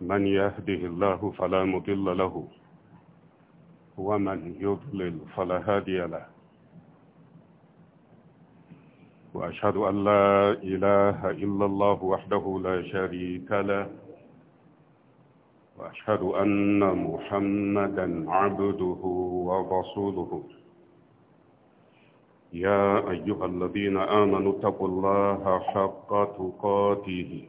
من يهده الله فلا مضل له ومن يضلل فلا هادي له وأشهد أن لا إله إلا الله وحده لا شريك له وأشهد أن محمدا عبده ورسوله يا أيها الذين آمنوا اتقوا الله حق تقاته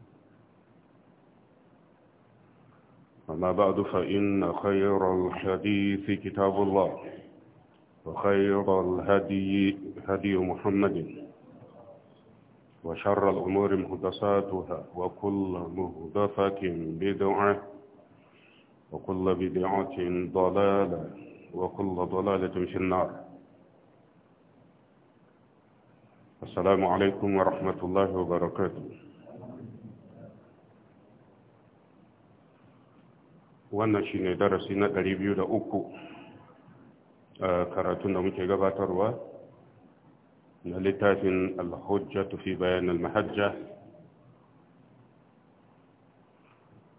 أما بعد فإن خير الحديث كتاب الله وخير الهدي هدي محمد وشر الأمور مهدساتها وكل مهدفة بدعة وكل بدعة ضلالة وكل ضلالة في النار السلام عليكم ورحمة الله وبركاته wannan shi ne darasi na 203 karatun da muke gabatarwa na littafin alhujja tufi bayan mahajja,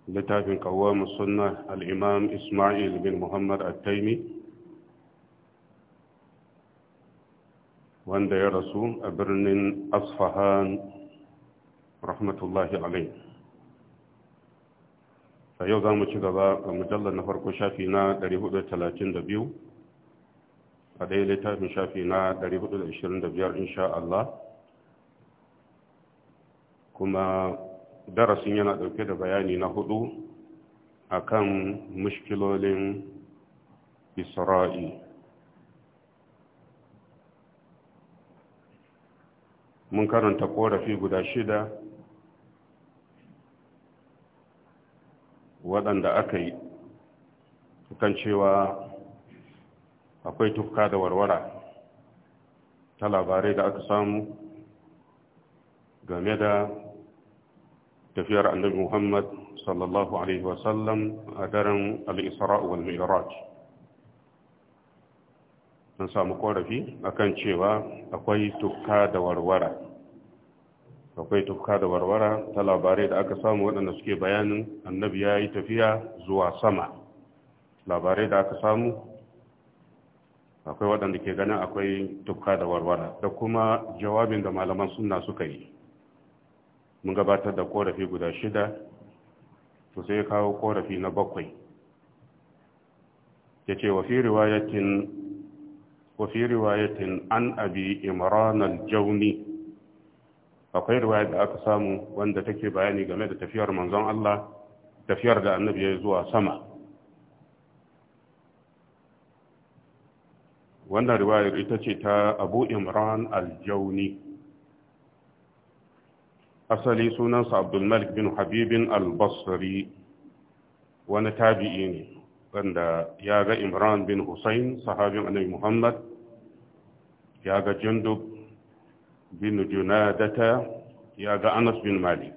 littafin kawamu sunna imam ismail bin muhammad al-taimi wanda ya rasu a birnin asfahan rahmatullahi alaihi a yau za mu ci gaba ga mujallar na farko shafi na 432 a daya littafin shafi na 425 insha Allah kuma darasin yana ɗauke da bayani na hudu a kan mushkilolin isra'i mun karanta korafi guda shida waɗanda aka yi kan cewa akwai tufka da warwara ta labarai da aka samu game da tafiyar annabi muhammad sallallahu alaihi wasallam a daren al'isra'u wal miraj an samu korafi akan cewa akwai tufka da warwara akwai tufka da warwara ta labarai da aka samu waɗanda suke bayanin annabi ya yi tafiya zuwa sama labarai da aka samu akwai waɗanda ke ganin akwai tufka da warwara da kuma jawabin da malaman suna suka yi mun gabatar da korafi guda shida to sai kawo korafi na bakwai ya ce wafi riwayatin an abi imranan jauni akwai riwaya da aka samu wanda take bayani game da tafiyar manzon Allah tafiyar da annabi ya zuwa sama wannan riwayar ita ce ta abu imran aljauni asali sunansa abdulmalik bin habibin al-Basri wani tabi'i ne wanda ya ga imran bin hussein sahabin annabi muhammad ya ga jindub bin junadata ya ga anas bin malik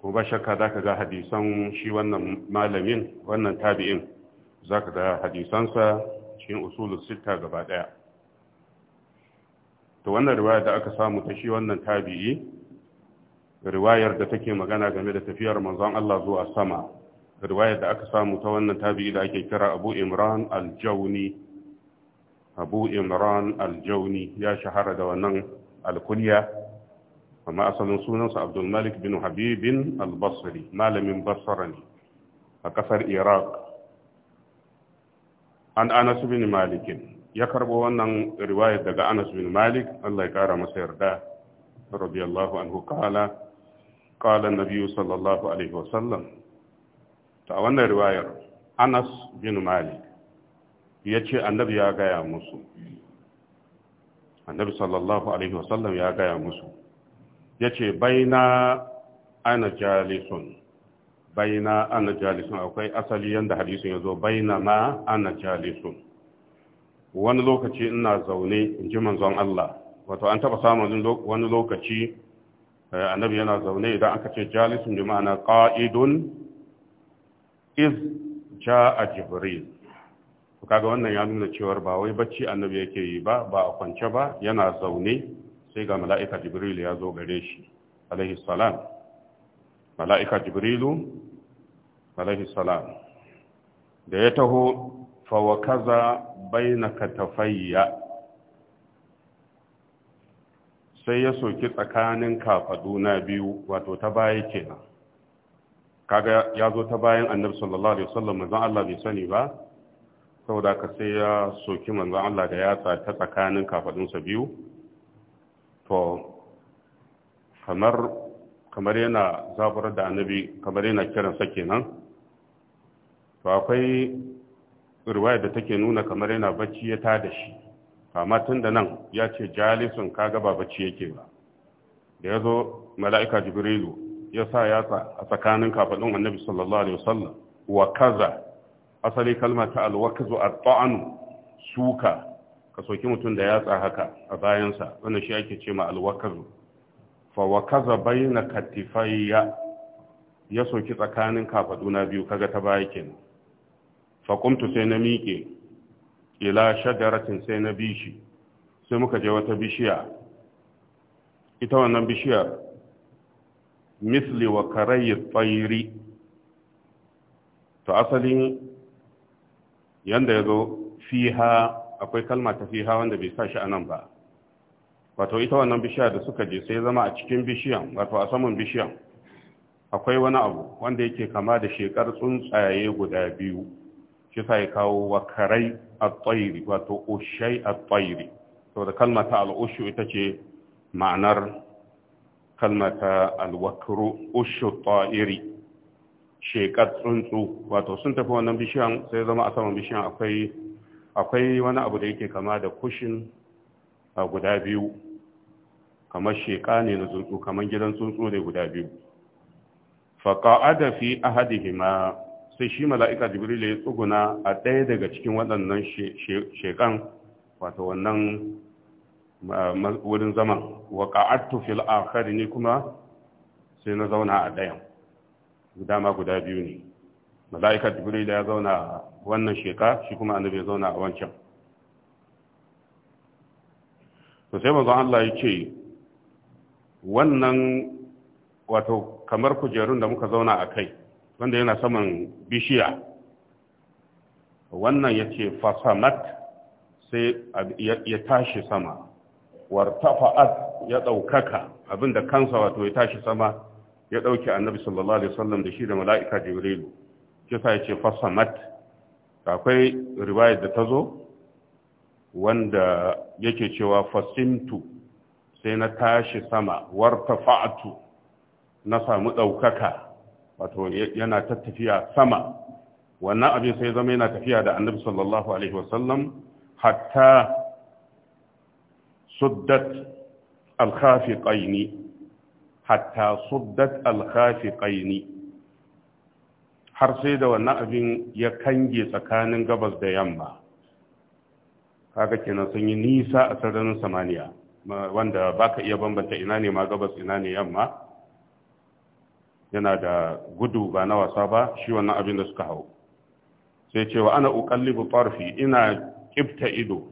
Kuma ba shakka za ka ga hadisan shi wannan malamin wannan tabi'in za ka ga hadisansa cikin usulun sita gaba daya to wannan riwaya da aka samu ta shi wannan tabi'i riwayar da take magana game da tafiyar manzon Allah zuwa sama riwayar da aka samu ta wannan tabi'i da ake kira Abu Imran al-Jawni Abu Imran al-Jawni ya shahara da wannan alkunya amma asalin sunansa abdulmalik bin habibin albasri malamin basra a kasar iraq an anas bin malikin ya karbo wannan riwayar daga anas bin malik allah ya kara masa yarda radiyallahu anhu kala kala nabiyu sallallahu alaihi wasallam ta wannan riwayar anas bin malik ya ce annabi ya gaya musu annabi sallallahu alaihi wasallam ya gaya musu ya ce baina ana jalisun baina ana jalisun akwai asali yadda hadisun ya zo baina ma ana jalisun wani lokaci ina zaune in ji manzon Allah wato an taba samun wani lokaci eh, annabi yana zaune idan aka ce jalisun bi ma'ana qa'idun iz ja'a jibril kaga wannan ya nuna cewar ba wai bacci annabi yake yi ba ba a kwance ba yana zaune sai ga mala'ika Jibrilu ya zo gare shi alaihi salam mala'ika jibrilu alaihi salam da ya taho kaza baina katafayya sai ya soki tsakanin kafadu na biyu wato ta baya kenan kaga ya zo ta bayan annabi sallallahu alaihi wasallam manzon Allah bai sani ba saboda ka sai ya soki manzan Allah da yatsa ta tsakanin kafadunsa biyu to kamar yana zaburar da annabi kamar yana kiransa kenan to akwai riwaya da take nuna kamar yana bacci ya ta da shi amma tun da nan ya ce jalisun kaga ba bacci yake ba da ya zo mala'ika jibrilu ya sa yatsa a tsakanin kafaɗin annabi sallallahu alaihi wasallam wa kaza asali kalma ta alwakazu at-ta'anu suka ka soki mutum da yatsa haka a bayansa wannan shi ake ce ma alwakazu fa wakaza bayna katifayya ya soki tsakanin na biyu kaga ta baya kenan fa qumtu sai na miƙe ila shajaratin sai na bishi sai muka je wata bishiya ita wannan bishiyar misli wa karayi tsairi to asalin yanda ya zo fiha akwai kalma ta fiha wanda bai sa shi a nan ba wato ita wannan bishiya da suka je sai zama a cikin bishiyan wato a saman bishiyan akwai wani abu wanda yake kama da shekar tsuntsaye guda biyu shi sa ya kawo wa karai a tsairi wato ushai a tsairi to da kalma ta al'ushu ita ce ma'anar kalma ta alwakru ushu tsairi shekar tsuntsu wato sun tafi wannan bishiyan sai zama a saman bishiyan akwai akwai wani abu da yake kama da kushin a guda biyu kamar sheka ne na tsuntsu kamar gidan tsuntsu ne guda biyu faƙa'ada fi ahadihima sai shi mala'ika jibril ya tsuguna a ɗaya daga cikin waɗannan shekan wato wannan wurin zaman wa ƙa'attu fil akhari ne kuma sai na zauna a ɗayan dama guda biyu ne mala'ikar jibril ya zauna wannan sheka shi kuma annabi ya zauna a wancan to sai manzo Allah ya ce wannan wato kamar kujerun da muka zauna a kai wanda yana saman bishiya wannan ya ce fasamat sai ya tashi sama wartafa'at ya ɗaukaka abinda kansa wato ya tashi sama ya ɗauki annabi sallallahu alaihi wasallam da shi da mala'ika jibrilu kisa ya ce fasamat akwai riwaya da ta zo wanda yake cewa fasimtu sai na tashi sama wartafa'tu na samu ɗaukaka wato yana tafiya sama wannan abin sai zama yana tafiya da annabi sallallahu alaihi wasallam hatta suddat alkhafiqaini hatta suddat alkhafiqaini har sai da wannan abin ya kange tsakanin gabas da yamma kaga kenan sun yi nisa a sararin samaniya wanda baka iya bambanta ina ne ma gabas ina ne yamma yana da gudu ba na wasa ba shi wannan abin da suka hau sai cewa ana uqallibu tarfi ina kibta ido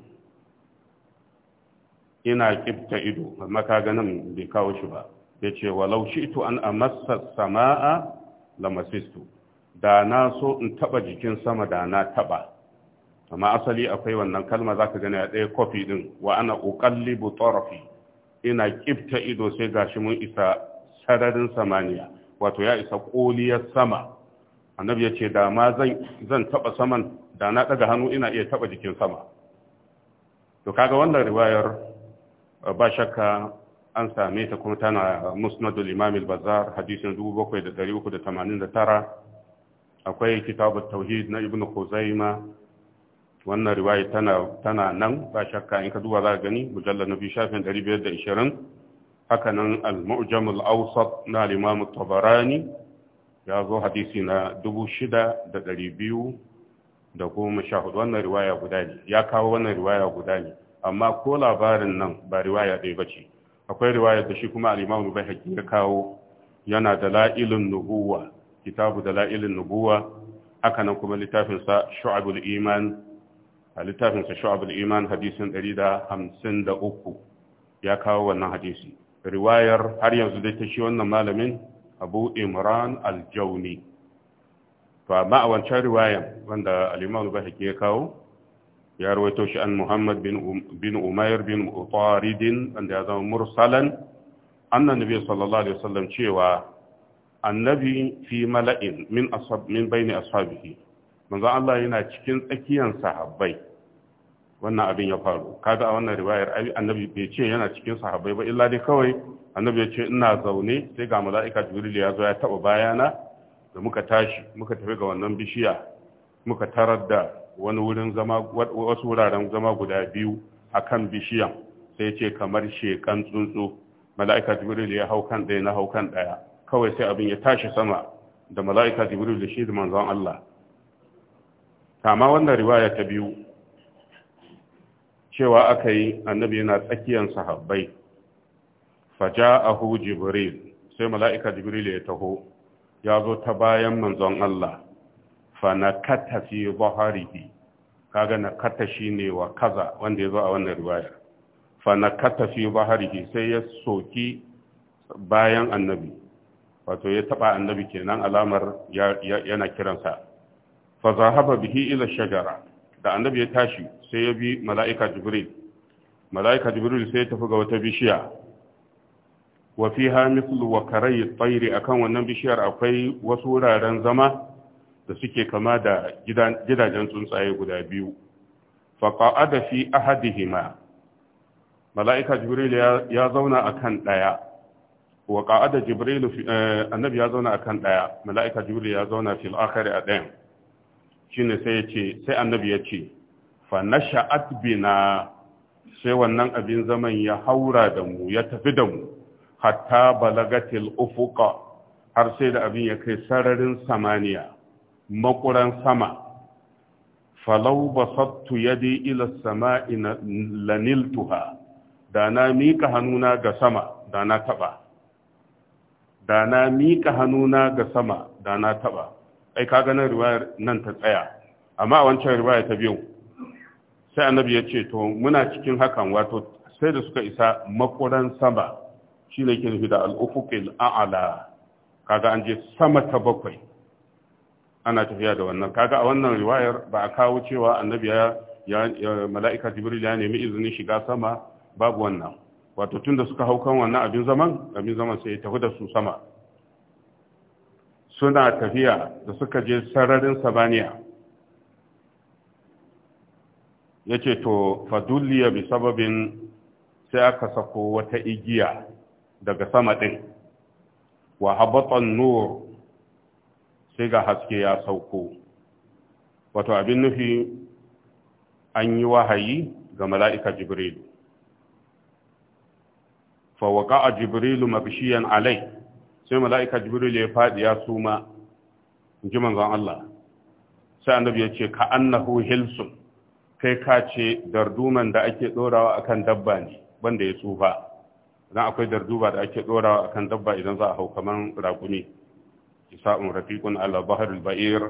ina kibta ido amma ka ganin bai kawo shi ba ya ce walau ito an amasa sama'a lamasistu da na so in taba jikin sama da na taba amma asali akwai wannan kalma za ka gani a ɗaya kofi ɗin wa ana uqallibu tsorofi. ina ƙifta ido sai ga shi mun isa sararin samaniya wato ya isa ƙoliyar sama annabi ya ce da ma zan taba saman da na ɗaga hannu ina iya taba jikin sama to kaga wannan riwayar ba shakka an same ta kuma tana musnadul imam al-bazzar hadisin 7389 akwai kitab at-tauhid na ibnu khuzaima wannan riwaya tana tana nan ba shakka in ka duba za ka gani mujallad nabi shafin 520 haka nan al-mu'jam al-awsat na imam at-tabarani ya zo hadisi na 6200 da goma sha hudu wannan riwaya guda ne ya kawo wannan riwaya guda ne amma ko labarin nan ba riwaya ɗaya ba ce akwai riwayar da shi kuma al-Imam Al-Baihaqi ya kawo yana da la'ilun nubuwa kitabu da la'ilun nubuwa haka nan kuma littafin sa Shu'abul Iman littafin sa Shu'abul Iman hadisin 153 ya kawo wannan hadisi riwayar har yanzu dai ta shi wannan malamin Abu Imran al jauni to amma a wancan riwayar wanda al-Imam Al-Baihaqi ya kawo ya rawaito shi an Muhammad um-, bin Umair bin Utaridin wanda ya zama mursalan annan nabi sallallahu alaihi wasallam cewa annabi fi mala'in min ashab min baini ashabihi manzo Allah yana cikin tsakiyan sahabbai wannan abin ya faru kaga a wannan riwayar annabi bai ce yana cikin sahabbai ba illa dai kawai annabi ya ce ina zaune sai ga mala'ika jibril ya zo ya taba bayana da muka tashi muka tafi ga wannan bishiya muka tarar da wani wurin zama wasu wuraren zama guda biyu a kan bishiyan sai ce kamar shekan tsuntsu mala'ika jibril ya hau kan ɗaya na hau kan ɗaya kawai sai abin ya tashi sama da mala'ika jibril da shi da manzon Allah kama wannan riwaya ta biyu cewa aka yi annabi yana tsakiyar sahabbai faja'ahu jibril sai mala'ika jibril ya taho ya zo ta bayan manzon Allah fa na kata fi baharihi kaga na kata shine wa kaza wanda ya zo a wannan riwaya fa na fi sai ya soki bayan annabi wato ya taba annabi kenan alamar yana kiransa fa zahaba bihi ila shajara da annabi ya tashi sai ya bi mala'ika jibril mala'ika jibril sai ya tafi ga wata bishiya wa fiha mithlu wa karai tsairi akan wannan bishiyar akwai wasu wuraren zama da suke kama da gidajen tsuntsaye guda biyu faƙa'ada fi hima. mala'ika jibril ya zauna a kan ɗaya wa ƙa'ada jibril eh, annabi ya zauna a kan ɗaya mala'ika jibril ya zauna fil akhari a ɗayan shi ne sai ya ce sai annabi ya ce fa na sha'at bina sai wannan abin zaman ya haura da mu ya tafi da mu hatta balagatil ufuka har sai da abin ya kai sararin samaniya makuran sama falau basattu yadi ila sama'i laniltuha da na mika hannuna ga sama da na taba da na mika hannuna ga sama da na taba ai ka nan riwayar nan ta tsaya amma a wancan riwaya ta biyu sai annabi ya ce to muna cikin hakan wato sai da suka isa makuran sama shi ne ke nufi da al'ufuqil a'la kaga an je sama ta bakwai ana tafiya da wannan kaga a wannan riwayar ba a kawo cewa annabi ya mala'ika jibril ya nemi izinin shiga sama babu wannan wato tun da suka hau kan wannan abin zaman abin zaman sai ya tafi da su sama suna tafiya da suka je sararin sabaniya. ya ce to fadulliya bi sababin sai aka sako wata igiya daga sama ɗin wa habatan nur sai ga haske ya sauko wato abin nufi an yi wahayi ga mala'ika jibril fawaka a jibrilu mabishiyan alai sai mala'ika Jibril ya faɗi ya suma ji manzon Allah sai annabi ya ce ka annahu hilsun kai ka ce darduman da ake ɗorawa akan dabba ne banda ya tsufa idan akwai darduba da ake ɗorawa akan dabba idan za a hau kamar raƙumi kisa'un rafiqun ala baharul ba'ir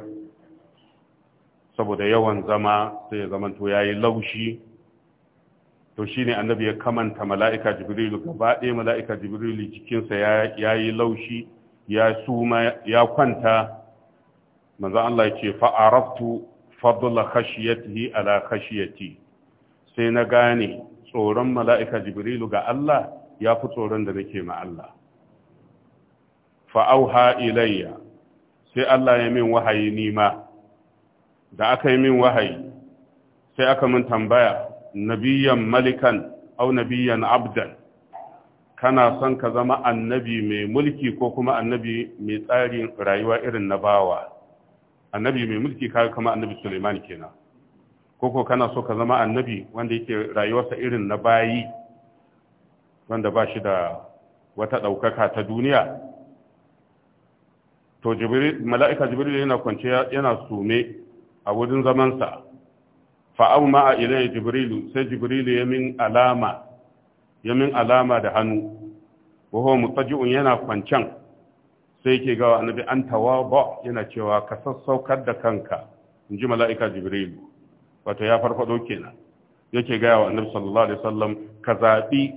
saboda yawan zama sai ya zama, zamanto yayi laushi to shine annabi ya kamanta mala'ika jibrilu gaba ɗaya mala'ika jibrilu jikinsa yayi laushi ya suma ya kwanta manzo Allah yake ce fa araftu fadla khashiyatihi ala khashiyati sai na gane tsoron mala'ika jibrilu ga Allah ya fi tsoron da nake ma Allah fa'auha ilayya sai Allah ya min wahayi nima da aka yi min wahayi sai aka min tambaya nabiyan malikan au nabiyan abdan kana son ka zama annabi mai mulki ko kuma annabi mai tsarin rayuwa irin na bawa annabi mai mulki ka kama annabi Suleiman kenan koko kana so ka zama annabi wanda yake rayuwarsa irin na bayi wanda ba shi da wata ɗaukaka ta duniya to mala'ika jibril yana kwance yana sume a wurin zamansa Fa ma a ila jibrilu sai ya min alama min alama da hannu waho mutaji'un yana kwancan sai ke ga, annabi an tawaba yana cewa ka sassaukar da kanka in mala'ika jibril wato ya farfado kenan yake gaya wa annabi sallallahu alaihi wasallam ka zaɓi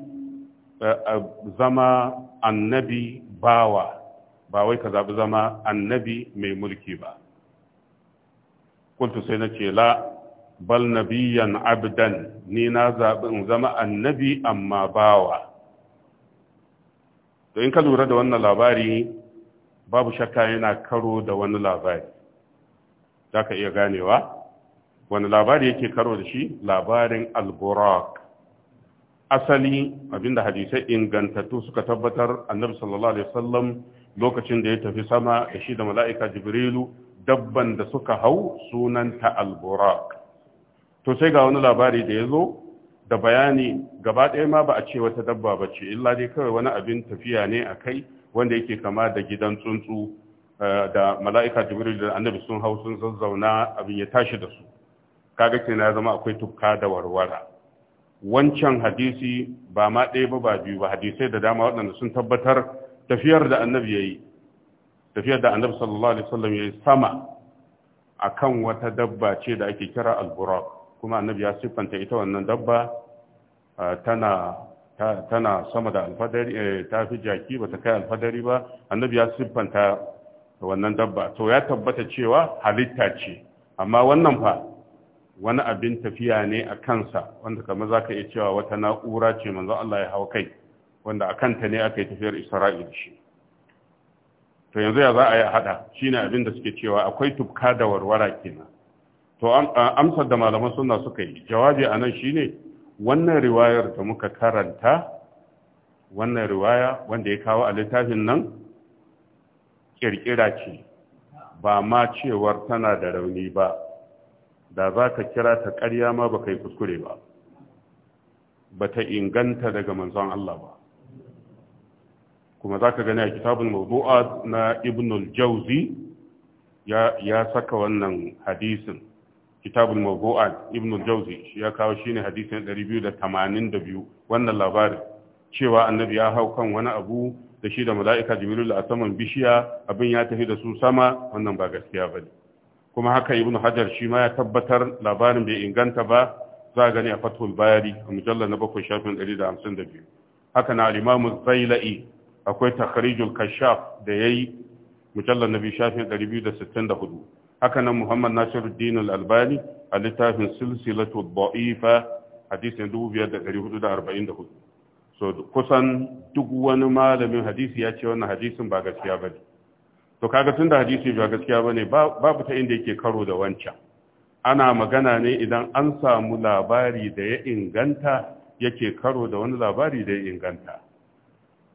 eh, zama annabi bawa ba wai ka zaɓi zama annabi mai mulki ba kuntu sai na ce la bal nabiyan abdan ni na zaɓi zama annabi amma bawa to in ka lura da wannan labari babu shakka yana karo da wani labari za ka iya ganewa wani labari yake karo da shi labarin alburak asali abinda hadisai ingantattu suka tabbatar annabi sallallahu alaihi wasallam lokacin da ya tafi sama da shi da mala'ika jibrilu dabban da suka hau sunanta alburak to sai ga wani labari da ya zo da bayani gaba ɗaya ma ba a ce wata dabba ba ce illa dai kawai wani abin tafiya ne a kai wanda yake kama da gidan tsuntsu eh, da mala'ika jibrilu da annabi sun hau sun zazzauna abin ya tashi da su kaga ke na zama akwai tukka da warwara wancan hadisi ba ma ɗaya ba ba biyu ba hadisai da dama waɗanda sun tabbatar tafiyar da annabi yayi tafiyar da annabi sallallahu alaihi wasallam yi sama akan wata dabba ce da ake kira al kuma annabi ya siffanta ita wannan dabba tana tana sama da alfadari eh, ta fi jaki ba ta kai alfadari ba annabi ya siffanta wannan dabba to ya tabbata cewa halitta ce amma wannan fa wani abin tafiya ne a kansa wanda kamar za ka iya cewa wata na'ura ce manzo Allah ya hau kai wanda a kanta ne aka yi tafiyar Isra'il da shi to yanzu ya za a yi haɗa Shi ne abin da suke cewa akwai tubka da warwara kenan to amsar da malaman suna suka yi jawabi a nan shi ne, wannan riwayar da muka karanta wannan riwaya wanda ya kawo a littafin nan ƙirƙira ce ba ma cewar tana da rauni ba da za ka kira ta ƙarya ma ba ka yi kuskure ba ba ta inganta daga manzon Allah ba kuma za ka gani a kitabun mawdu'a na ibn jauzi ya saka wannan hadisin kitabun mawdu'a ibn jauzi ya kawo shine hadisin 282 wannan labarin cewa annabi ya hau kan wani abu da shi da mala'ika jibril a saman bishiya abin ya tafi da su sama wannan ba gaskiya bane kuma haka ibn hajar shi ma ya tabbatar labarin bai inganta ba za a gani a fatul bayari a mujallar na bakwai shafin 152 haka na alimamu zaila'i akwai takharijul kashaf da yayi mujallal nabi shafi 264 haka nan muhammad nasiruddin al-albani a littafin silsilatu dha'ifa hadisin 2444 so kusan duk wani malamin hadisi ya ce wannan hadisin ba gaskiya bane to kaga tunda hadisi ba gaskiya bane babu ta inda yake karo da wancan ana magana ne idan an samu labari da ya inganta yake karo da wani labari da ya inganta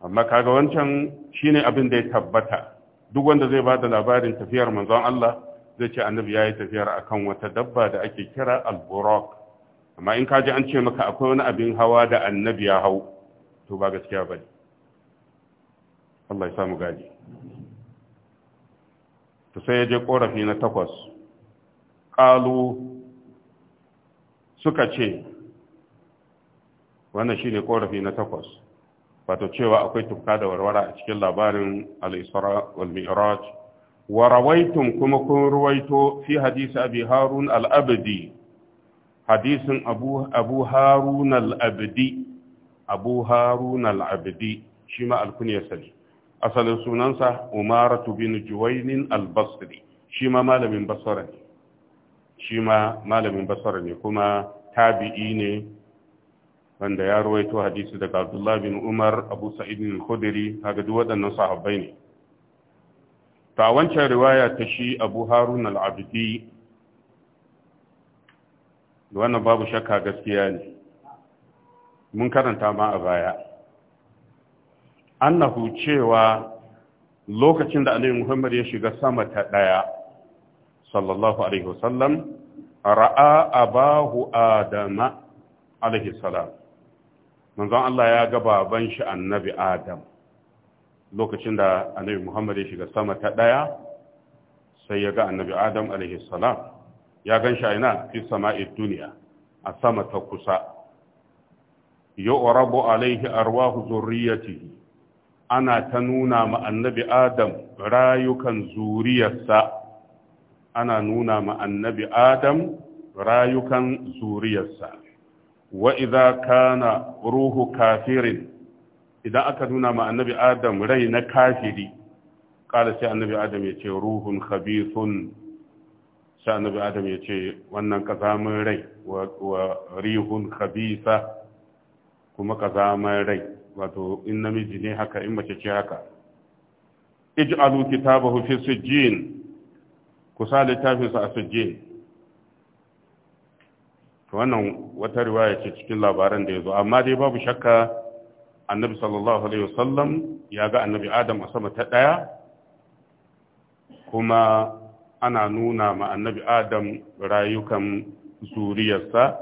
amma kaga wancan shine abin da ya tabbata duk wanda zai bada labarin tafiyar manzon Allah zai ce annabi yayi tafiyar akan wata dabba da ake kira al-buraq amma in kaji an ce maka akwai wani abin hawa da annabi ya hau to ba gaskiya bane Allah ya samu gadi to sai ya je korafi na takwas Kalu suka ce wannan shine korafi na takwas wato cewa akwai tufka da warwara a cikin labarin al-isra wal mi'raj wa rawaitum kuma kun ruwaito fi hadisi abi harun al-abdi hadisin abu abu harun al-abdi abu harun al-abdi shi ma al-kunyasa ne asalin sunansa umaratu bin juwainin al-basri shi ma malamin basara ne shi ma malamin basara ne kuma tabi'i ne wanda ya ruwaito hadisi daga Abdullah bin Umar Abu Sa'id bin Khudri haka duk waɗannan sahabbai ne ta wancan riwaya ta shi Abu Harun al-Abdi wannan babu shakka gaskiya ne mun karanta ma a baya annahu cewa lokacin da Annabi Muhammad ya shiga sama ta daya sallallahu alaihi wasallam ra'a abahu adama alaihi salam manzon Allah ya ga baban shi annabi Adam lokacin da annabi Muhammad ya shiga sama ta daya sai ya ga annabi Adam alaihi salam ya gan shi aina fi sama'id duniya a sama ta kusa yu'rabu alaihi arwahu zurriyatihi ana ta nuna ma annabi Adam rayukan zuriyarsa ana nuna ma annabi Adam rayukan zuriyarsa wa idza kana ruhu kafirin idan aka nuna ma annabi adam rai na kafiri kala sai annabi adam ya ce ruhun khabithun sai annabi adam ya ce wannan kazamin rai wa rihun khabitha kuma kazamin rai wato in namiji ne haka in mace ce haka ij'alu kitabahu fi sijjin littafin sa a sijjin to wannan wata riwaya ce cikin labaran da ya zo amma dai babu shakka annabi sallallahu alaihi wasallam ya ga annabi adam a sama ta ɗaya kuma ana nuna ma annabi adam rayukan zuriyarsa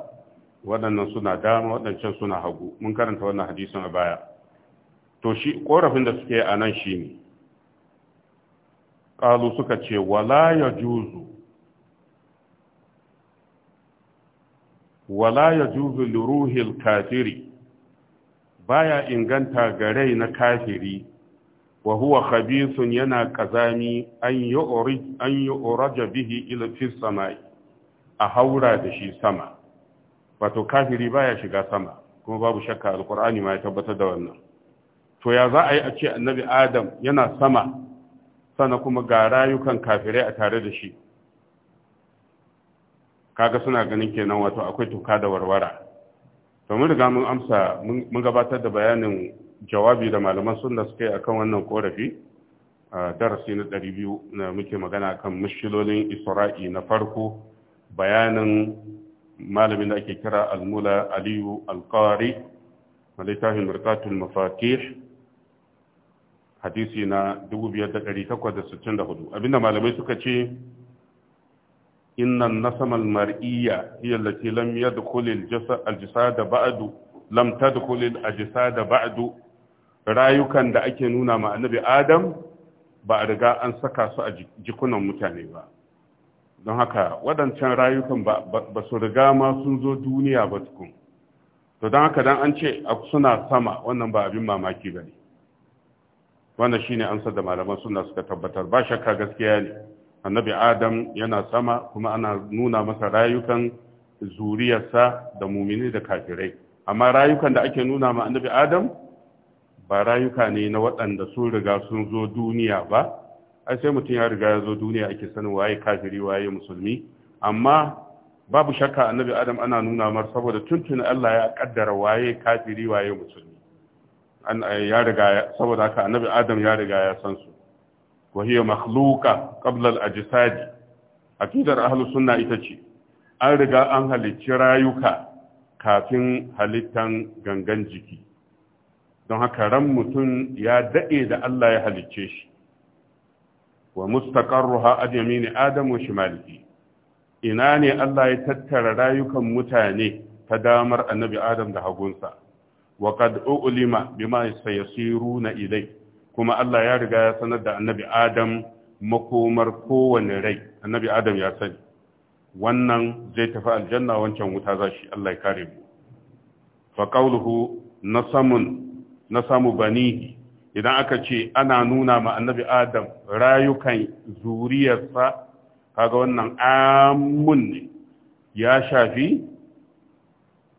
waɗannan suna dama waɗancan suna hagu mun karanta wannan hadisin a baya to shi korafin da suke a nan shi ne ƙalu suka ce wala ya juzu wala ya juzu liruhil kafiri baya inganta ga rai na kafiri wa huwa khabisun yana kazami an yi oraja bihi ilafis samai a haura da shi sama wato kafiri baya shiga sama kuma babu shakka Alƙur'ani ma ya tabbatar da wannan to ya za a yi a ce annabi adam yana sama sana kuma ga rayukan kafirai a tare da shi kaga suna ganin kenan wato akwai tuka da warwara to mun riga mun amsa mun gabatar da bayanin jawabi da malaman sunna suka yi akan wannan korafi a darasi na 200 na muke magana akan mushkilolin isra'i na farko bayanin malamin da ake kira al aliyu al-qari malitahin mirqatul mafatih hadisi na 2864 abinda malamai suka ce innan nasamal mar'iyya hiya allati lam yadkhul al-jasad ba'du lam tadkhul al-ajsad ba'du rayukan da ake nuna ma annabi Adam ba a riga an saka su a jikunan mutane ba don haka waɗancan rayukan ba su riga ma sun zo duniya ba tukun to don haka dan an ce suna sama wannan ba abin mamaki ba ne wannan shine amsa da malaman suna suka tabbatar ba shakka gaskiya ne annabi adam yana sama kuma ana nuna masa rayukan zuriyarsa da mumini da kafirai amma rayukan da ake nuna ma annabi adam ba rayuka ne na waɗanda sun riga sun zo duniya ba ai sai mutum ya riga ya zo duniya ake sanin waye kafiri waye musulmi amma babu shakka annabi adam ana nuna mar saboda tuntun Allah ya kaddara waye kafiri waye musulmi ya riga saboda haka annabi adam ya riga ya san su wa hiya makhluqa qabla al-ajsad aqidar ahlus sunna ita ce an riga an halicci rayuka kafin halittan gangan jiki don haka ran mutum ya daɗe da Allah ya halicce shi wa mustaqarruha ajmini adam wa shimalihi ina ne Allah ya tattara rayukan mutane ta damar annabi adam da hagunsa wa qad ulima bima sayasiruna ilayhi kuma Allah ya riga ya sanar da annabi Adam makomar kowane rai annabi Adam ya sani wannan zai tafi aljanna wancan wuta za shi Allah ya kare mu fa qawluhu nasamun nasamu banihi idan aka ce ana nuna ma annabi Adam rayukan zuriyarsa kaga wannan amun ne ya shafi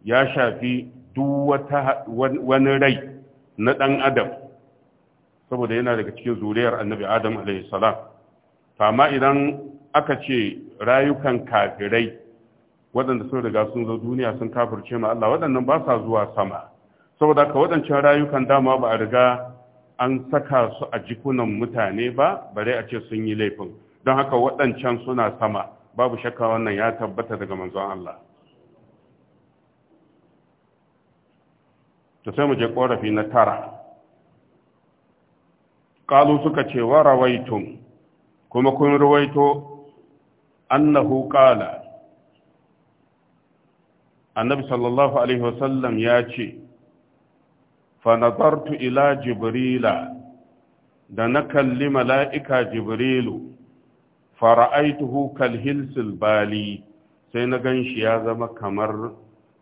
ya shafi duk wata wani rai na dan adam saboda yana daga cikin zuriyar annabi adam alaihi salam amma idan aka ce rayukan kafirai waɗanda sun riga sun zo duniya sun kafirce ma Allah waɗannan ba sa zuwa sama saboda ka waɗancan rayukan dama ba a riga an saka su a jikunan mutane ba bare a ce sun yi laifin don haka waɗancan suna sama babu shakka wannan ya tabbata daga manzon Allah to sai mu je korafi na tara kalu suka ce wa rawaitun kuma kun rawaito annahu ƙala annabi sallallahu alaihi wasallam ya ce fa ila jibrila da na kalli mala'ika jibrilu fara'aituhu kalhilsil bali sai na gan shi ya zama kamar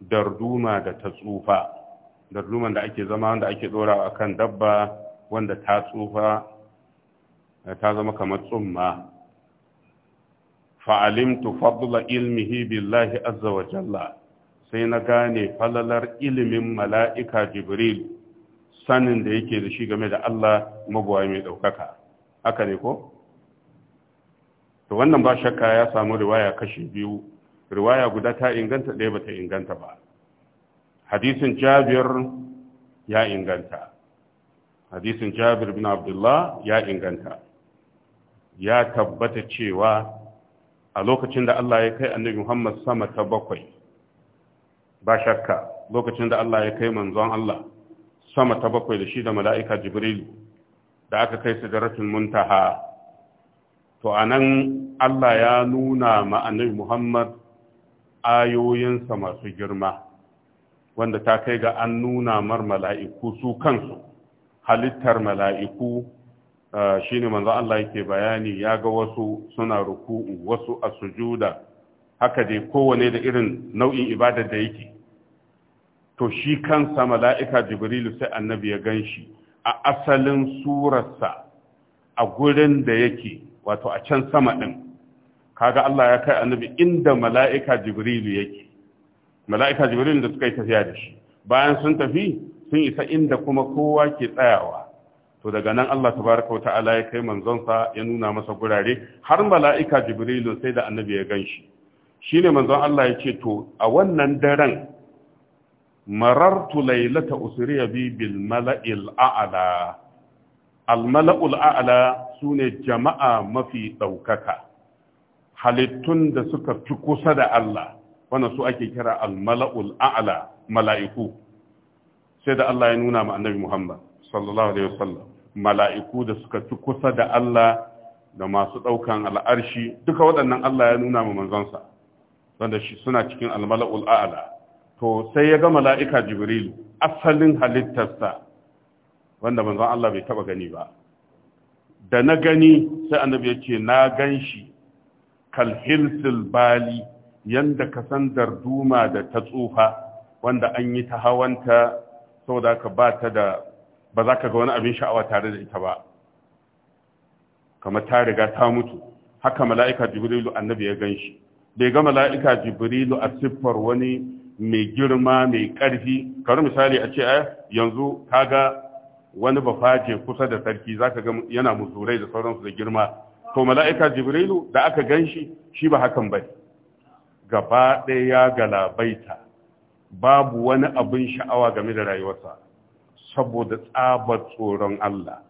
darduma da ta tsufa darduman da ake zama wanda ake dora a kan dabba wanda ta tsufa ta zama kamar tsumma fa'alimtu fadla ilmihi billahi azza wa jalla sai na gane falalar ilimin mala'ika jibril sanin da yake da shi game da Allah magwaye mai ɗaukaka haka ne ko? to wannan ba shakka ya samu riwaya kashi biyu riwaya guda ta inganta ɗaya ba ta inganta ba hadisin jabir ya inganta hadisin jabir bin abdullah ya inganta ya tabbata cewa a lokacin da Allah ya kai annabi Muhammad sama ta bakwai ba shakka lokacin da Allah ya kai manzon Allah sama ta bakwai da shi da mala'ika Jibrilu da aka kai su da muntaha to a nan Allah ya nuna ma'anar Muhammad ayoyinsa masu girma wanda ta kai ga an nuna mar mala'iku su kansu halittar mala'iku shi ne manzo Allah yake bayani ya ga wasu suna ruku'u wasu a sujuda haka dai kowane da irin nau'in ibadar da yake to shi kansa mala'ika jibrilu sai annabi ya gan shi a asalin surarsa a gurin da yake wato a can sama ɗin kaga Allah ya kai annabi inda mala'ika jibrilu yake mala'ika jibrilu da suka yi tafiya da shi bayan sun tafi sun isa inda kuma kowa ke tsayawa to daga nan Allah tabaraka wa ta'ala ya kai manzonsa ya nuna masa gurare har mala'ika jibrilu sai da annabi ya ganshi shine manzon Allah ya ce to a wannan daren marartu lailata usriya bi bil mala'il a'la al mala'ul a'la sune jama'a mafi daukaka halittun da suka fi kusa da Allah wannan su ake kira al mala'ul a'la mala'iku sai da Allah ya nuna ma annabi Muhammad sallallahu alaihi wasallam mala'iku da suka ci kusa da Allah da masu ɗaukan al'arshi duka waɗannan Allah ya nuna ma manzonsa wanda shi suna cikin almala'ul a'ala to sai ya ga mala'ika Jibril asalin halittarsa wanda manzon Allah bai taba gani ba da na gani sai annabi ya ce na gan shi kalhilsil bali yanda ka san darduma da ta tsufa wanda an yi ta hawanta saboda ka ba ta da ba za ka ga wani abin sha'awa tare da ita ba kamar ta riga ta mutu haka mala'ika jibrilu annabi ya ganshi. shi bai ga mala'ika jibrilu a siffar wani mai girma mai ƙarfi kawai misali a ce eh, yanzu ka ga wani bafaje kusa da sarki ka ga yana muzurai da sauransu da girma to mala'ika jibrilu da aka gan shi shi ba hakan ba gaba ɗaya ya galabaita babu wani abin sha'awa game da rayuwarsa saboda tsabar tsoron Allah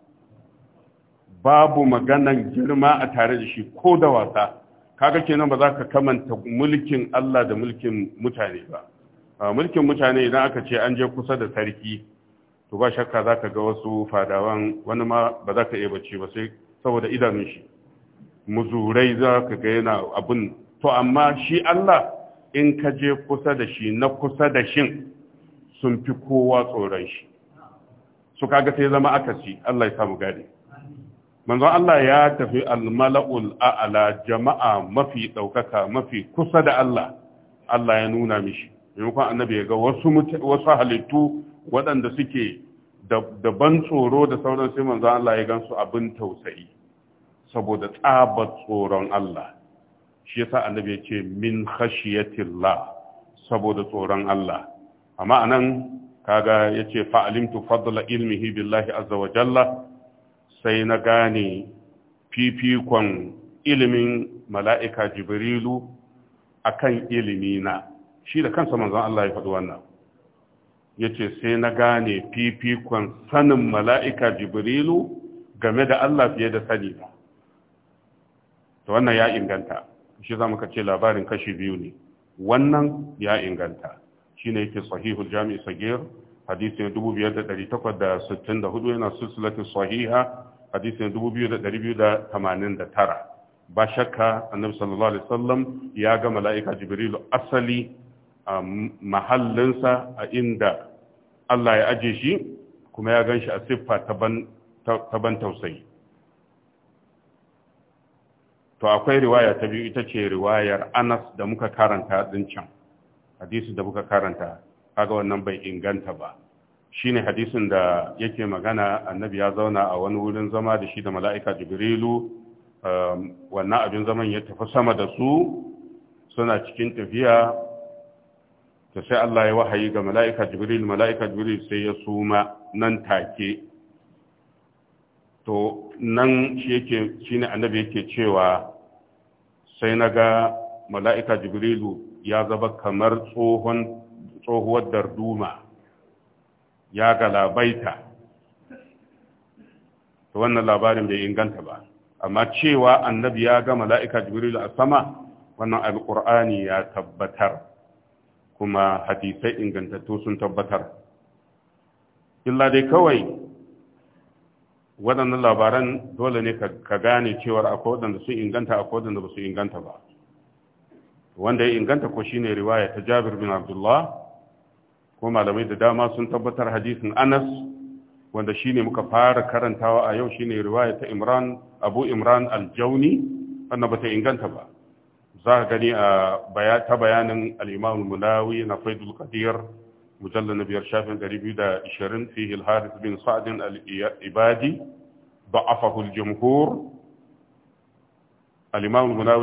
babu maganan girma a tare da shi ko da wasa kaga kenan ba za ka kamanta mulkin Allah da mulkin mutane ba mulkin mutane idan aka ce an je kusa da sarki to ba shakka za ka ga wasu fadawan wani ma ba za ka iya bace ba sai saboda idanun shi muzurai za ka ga yana abin to amma shi Allah in ka je kusa da shi na kusa da shin sun fi kowa tsoron shi su kaga sai zama aka ci. Allah ya samu gane manzon Allah ya tafi almala'ul a'ala jama'a mafi ɗaukaka mafi kusa da Allah Allah ya nuna mishi maimakon annabi ya ga wasu wasu halittu waɗanda suke da ban tsoro da sauran sai manzon Allah ya gansu abin tausayi saboda tsabar tsoron Allah shi yasa annabi ya ce min khashiyatillah saboda tsoron Allah amma anan kaga yace fa'alimtu fadla ilmihi billahi azza wa jalla sai na gane fifikon ilimin mala'ika jibrilu akan ilimina shi da kansa manzan Allah ya faɗi wannan yace sai na gane fifikon sanin mala'ika jibrilu game da Allah fiye da sani ba wannan ya inganta shi za muka ce labarin kashi biyu ne wannan ya inganta shi ne yake sahihul jami'i sagir hadisi da hudu, yana silsilatin sahiha hadisi da 2289 ba shakka annabi sallallahu alaihi wasallam ya ga mala'ika jibrilu asali a mahallinsa a inda Allah ya aje shi kuma ya gan shi a siffa ta ban tausayi to akwai riwaya ta biyu ita ce riwayar anas da muka karanta din can hadisi da muka karanta kaga wannan bai inganta ba shine hadisin da yake magana annabi ya zauna a wani wurin zama da shi da mala'ika jibrilu um, wannan abin zaman ya tafi sama da su suna cikin tafiya ta sai Allah ya wahayi ga mala'ika jibril mala'ika jibril sai ya suma nan take to nan shi yake shine annabi yake cewa sai na ga mala'ika jibrilu ya zaba kamar tsohuwar darduma ya galabaita to wannan labarin bai inganta ba amma cewa annabi ya ga mala'ika jibrilu a sama wannan alƙur'ani ya tabbatar kuma hadisai ingantattu sun tabbatar illa dai kawai waɗannan labaran dole ne ka gane cewar akwai waɗanda sun inganta akwai waɗanda ba su inganta ba wanda ya inganta ko shine riwaya ta Jabir bin Abdullah ko malamai da dama sun tabbatar hadisin Anas wanda shine muka fara karantawa a yau shine riwaya ta Imran Abu Imran Al-Jawni wanda bata inganta ba za ka gani a ta bayanin al-Imam Munawi na Faidul Qadir mujallar na biyar shafin 220 fi hilharis bin sa'adin al'ibadi ba a fahul jamhur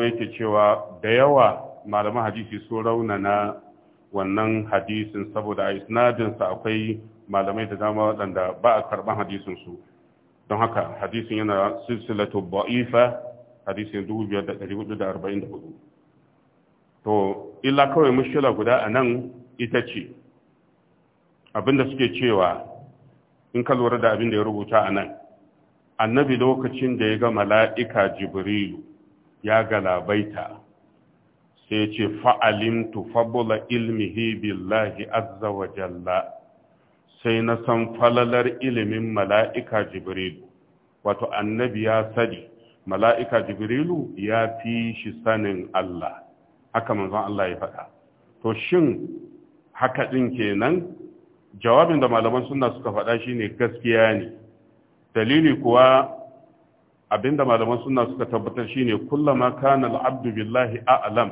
yake cewa da yawa malaman hadisi sun raunana wannan hadisin saboda a isnadinsa akwai malamai da dama waɗanda ba a karɓar hadisinsu don haka hadisin yana silsilatu ba'ifa hadisin 2444 to illa kawai mushkila guda a nan ita ce abinda suke cewa in ka lura da abin da ya rubuta a nan annabi lokacin da ya ga mala'ika jibrilu ya galabaita sai ce fa'alimtu fabula ilmihi billahi azza wa jalla sai na san falalar ilimin mala'ika jibrilu wato annabi ya sani mala'ika jibrilu ya fi shi sanin Allah haka manzon Allah ya faɗa to shin haka ɗin kenan jawabin da malaman sunna suka faɗa shi ne gaskiya ne dalili kuwa abinda malaman sunna suka tabbatar shine kullama kana abdu billahi a'lam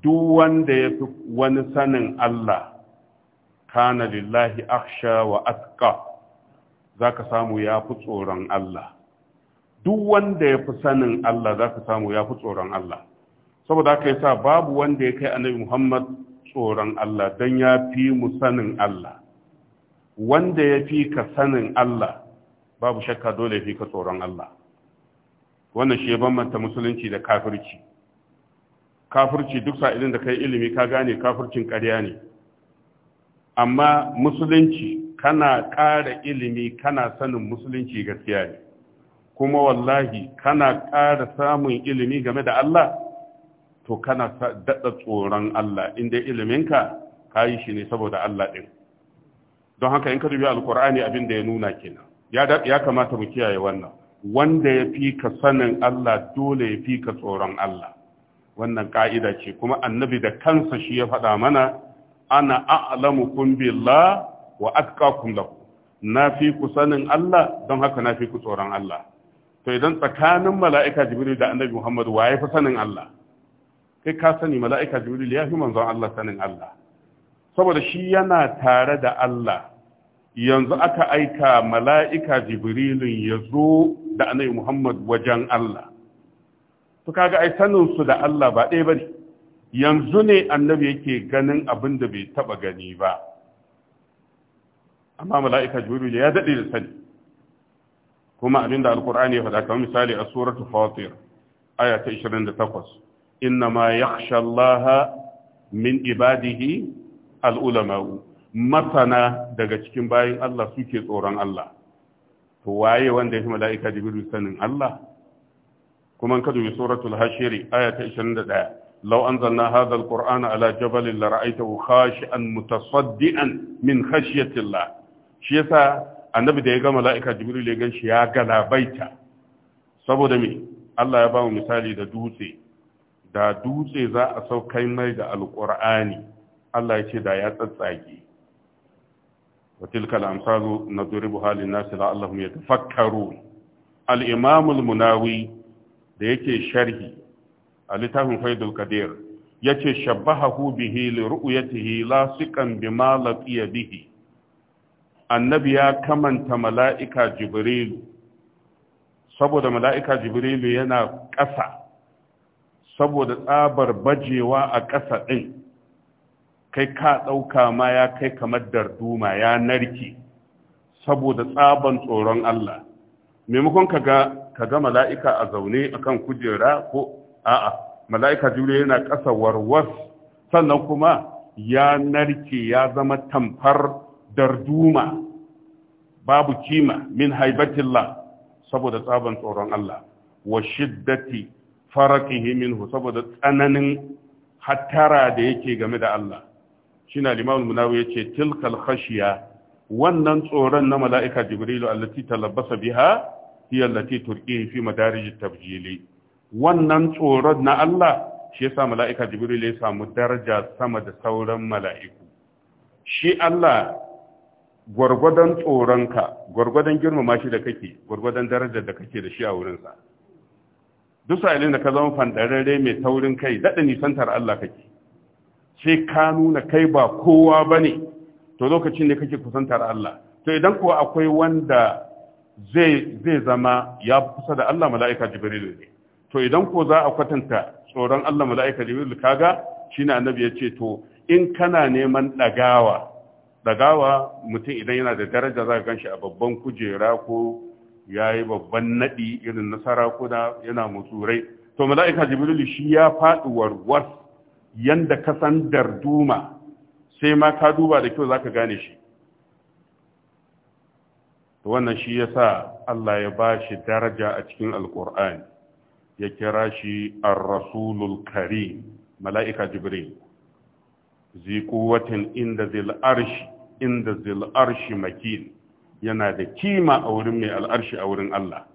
duk wanda ya fi wani sanin Allah kana lillahi akhsha wa atqa zaka samu ya fi tsoron Allah duk wanda ya fi sanin Allah zaka samu ya fi tsoron Allah saboda haka yasa babu wanda ya kai annabi Muhammad tsoron Allah dan ya fi mu sanin Allah wanda ya fi ka sanin Allah babu shakka dole ya fi ka tsoron Allah wannan shi ya bambanta musulunci da kafirci kafirci duk sa'ilin da kai ilimi ka gane kafircin ƙarya ne amma musulunci kana ƙara ilimi kana sanin musulunci gaskiya ne kuma wallahi kana ƙara samun ilimi game da Allah to kana daɗa tsoron Allah inda iliminka ka yi shi ne saboda Allah ɗin don haka in ka dubi alkur'ani abin da ya nuna kenan ya kamata mu kiyaye wannan wanda ya fi ka sanin Allah dole ya fi ka tsoron Allah wannan ka'ida ce kuma annabi da kansa shi ya faɗa mana ana a'lamukum billah wa atqakum lahu na fi ku sanin Allah don haka na fi ku tsoron Allah to idan tsakanin mala'ika jibril da annabi Muhammad wa ya fi sanin Allah kai ka sani mala'ika jibril ya fi manzon Allah sanin Allah saboda shi yana tare da Allah yanzu aka aika mala'ika jibrilin ya zo da anai Muhammad wajen Allah. To kaga ai saninsu da Allah ba ɗaya ba ne, yanzu ne annabi yake ganin abin da bai taɓa gani ba. Amma mala'ika jibrilun ya daɗe da sani, kuma abin da Alƙur'ani ya faɗa kamar misali a Suratu Fatir, aya ta 28, Inna ma yakhshallaha min ibadihi al'ulama'u masana daga cikin bayan Allah suke tsoron Allah to waye wanda ya fi mala'ika jibiru sanin Allah kuma ka dubi suratul hashiri aya ta 21 لو أنزلنا هذا القرآن على جبل لرأيته خاشعا متصدئا من خشية الله شيسا annabi da ya ga mala'ika jibril ya gan shi ya galabaita saboda me Allah ya ba mu misali da dutse da dutse za a saukai mai da alƙur'ani Allah ya ce da ya tsatsage wa tilkal amsalu nadribu halin nas la'allahum yatafakkarun al-imam al-munawi da yake sharhi a littafin faidul kadir yace hu bihi li ru'yatihi lasiqan bima laqiya bihi annabi ya kamanta mala'ika jibril saboda mala'ika jibrilu yana ƙasa saboda tsabar bajewa a ƙasa ɗin kai ka ɗauka ma ya kai kamar darduma ya narke saboda tsaban tsoron Allah maimakon ka ga mala'ika a zaune a kan kujera ko a'a mala'ika jure yana ƙasa warwas sannan kuma ya narke ya zama tamfar darduma babu kima min haibatillah saboda tsaban tsoron Allah wa shiddati faraqihi minhu saboda tsananin hattara da yake game da Allah shine al-imam munawi yace tilkal khashiya wannan tsoron na mala'ika jibrilu allati talabasa biha hiya allati turqihi fi madarij at-tabjili wannan tsoron na Allah shi yasa mala'ika jibril ya samu daraja sama da sauran mala'iku shi Allah gwargwadon tsoronka gwargwadon girmama shi da kake gwargwadon darajar da kake da shi a wurinsa duk sa'ilin da ka zama fandararre mai taurin kai daɗa nisantar Allah kake sai ka nuna kai ba kowa ba ne. to lokacin da kake kusantar Allah to idan kuwa akwai wanda zai zama ya kusa da Allah mala'ika jibrilu ne to idan ko za a kwatanta tsoron Allah mala'ika Jibril kaga shine annabi ya ce to in kana neman dagawa dagawa mutum idan yana da daraja za ka ganshi a babban kujera ko yayi babban nadi irin nasara ko da yana mutsurai to mala'ika jibrilu shi ya faɗi warwas yanda ka san darduma sai ma ka duba da kyau zaka gane shi to wannan shi yasa Allah ya bashi daraja a cikin alqur'ani ya kira shi ar-rasulul karim mala'ika jibril Ziku, watan inda zil inda makin yana da kima a wurin mai al'arshi a wurin Allah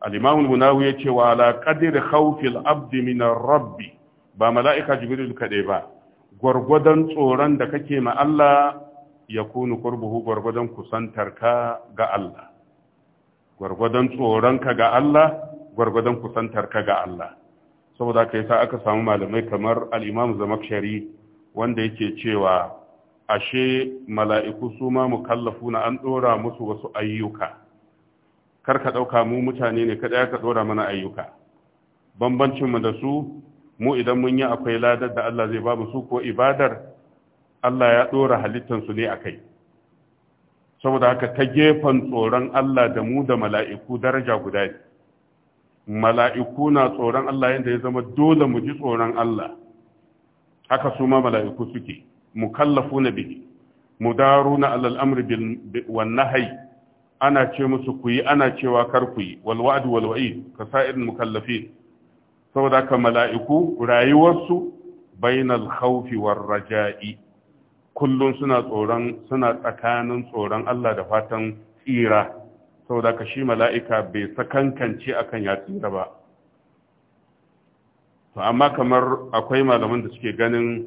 al-imam an ya ce wa ala qadri khawfil abdi minar rabbi ba mala'ika jibril kaɗai ba gwargwadon tsoron da kake ma Allah ya kunu kurbuhu gwargwadon kusantarka ga Allah gwargwadon tsoronka ga Allah gwargwadon kusantarka ga Allah saboda ka sa aka samu malamai kamar al'imamu zamakshari wanda yake cewa ashe mala'iku su ma mukallafu na an ɗora musu wasu ayyuka kar ka ɗauka mu mutane ne kaɗai ka ɗora mana ayyuka bambancinmu da su mu idan mun yi akwai ladar da Allah zai ba mu su ko ibadar Allah ya ɗora halittansu ne a kai saboda haka ta gefen tsoron Allah da mu da mala'iku daraja guda ne mala'iku na tsoron Allah yadda ya zama dole mu ji tsoron Allah haka su ma mala'iku suke kallafu na mu mudaru na al'amri wannan hai ana ce musu ku yi ana cewa kar ku yi walwa'ad walwa'i ka sa'irin mukallafin saboda haka mala'iku rayuwarsu bainal khawfi war raja'i kullum suna tsoron suna tsakanin tsoron Allah da fatan tsira saboda haka shi mala'ika bai sakankance akan ya tsira ba to amma kamar akwai malaman da suke ganin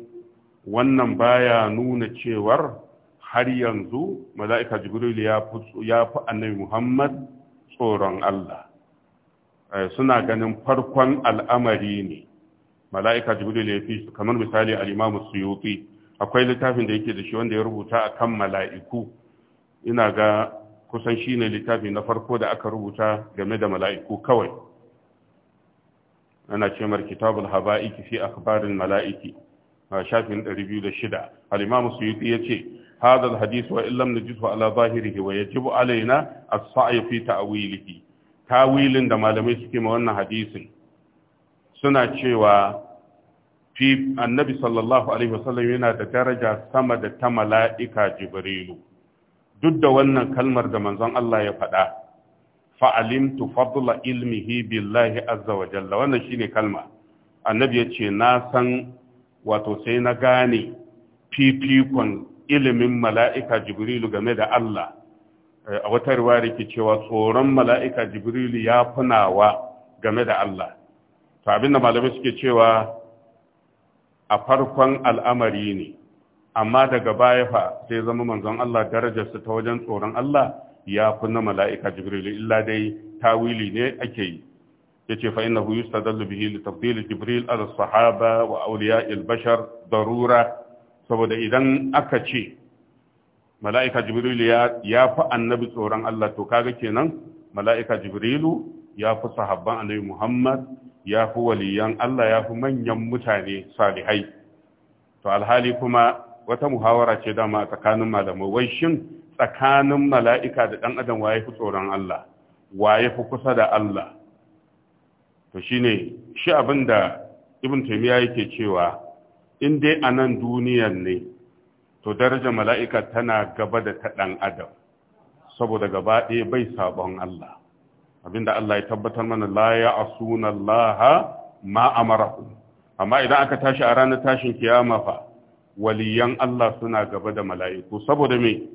wannan baya nuna cewar har yanzu mala'ika jibril ya fi annabi muhammad tsoron Allah Eh, suna ganin farkon al'amari ne mala'ika jibril ya fi su kamar misali al'imamu suyuti akwai littafin da yake da shi wanda ya rubuta a kan mala'iku ina ga kusan shi ne littafi na farko da aka rubuta game da mala'iku kawai ana ce mar kitabul haba'iki fi akhbarin mala'iki a shafin 206 al'imamu suyuti ya ce hadal hadis wa illam najidhu ala zahirihi wa yajibu alaina as-sa'i fi ta'wilihi tawilin da malamai suke ma wannan hadisin suna cewa fi annabi sallallahu alaihi wasallam yana da daraja sama da ta mala'ika jibrilu duk da wannan kalmar da manzon Allah ya faɗa fa'alim fadla ilmihi billahi azza wa jalla wannan shine kalma annabi ya ce na san wato sai na gane fifikon ilimin mala'ika jibrilu game da Allah Eh, a wata riwaya ke cewa tsoron mala'ika jibrilu ya funawa game da Allah to abin da malamai suke cewa a farkon al'amari ne amma daga baya fa sai zama manzon Allah darajarsa ta wajen tsoron Allah ya kunna mala'ika jibrilu illa dai tawili ne ake yi yace fa innahu yustadallu bihi li tafdil jibril al sahaba wa awliya al bashar darura saboda idan aka ce mala'ika jibrilu ya fi annabi tsoron Allah to kaga kenan mala'ika jibrilu ya fi sahabban annabi Muhammad ya fi waliyan Allah ya fi manyan mutane salihai to alhali kuma wata muhawara ce dama tsakanin malamai wai shin tsakanin mala'ika da ɗan adam waye fi tsoron Allah waye fi kusa da Allah to shine shi abin da ibn taymiya yake cewa in dai a nan duniyar ne to darajar mala'ika tana gaba da ta ɗan adam saboda gaba ɗaya bai sabon Allah abinda Allah ya tabbatar mana laya a sunan Allah ma amarahu amma idan aka tashi a ranar tashin kiyama fa waliyan Allah suna gaba da mala'iku saboda me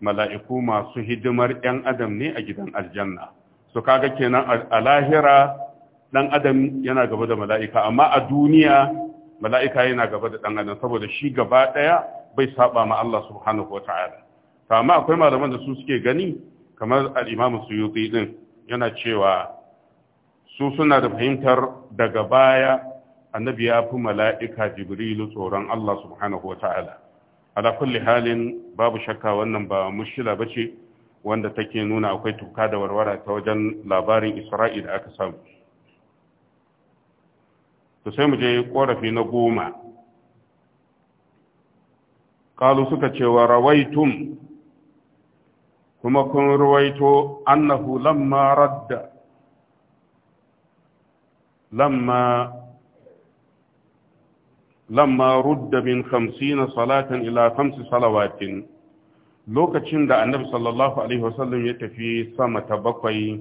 mala'iku masu hidimar ‘yan adam ne a gidan aljanna su kaga kenan a lahira ɗan adam yana gaba da mala'ika amma a duniya mala'ika yana gaba da ɗan adam saboda shi gaba ɗaya bai saba ma Allah subhanahu wa ta'ala to amma akwai malaman da su suke gani kamar al-Imam Suyuti din yana cewa su suna da fahimtar daga baya annabi ya fi mala'ika Jibrilu tsoron Allah subhanahu wa ta'ala ala kulli halin babu shakka wannan ba mushila bace wanda take nuna akwai tuka da warwara ta wajen labarin Isra'ila aka samu to sai mu je korafi na goma kalu suka ce wa rawaitum kuma kun ruwaito annahu lamma radda lamma lamma rudda min 50 salatan ila 5 salawatin lokacin da annabi sallallahu alaihi wasallam ya tafi sama ta bakwai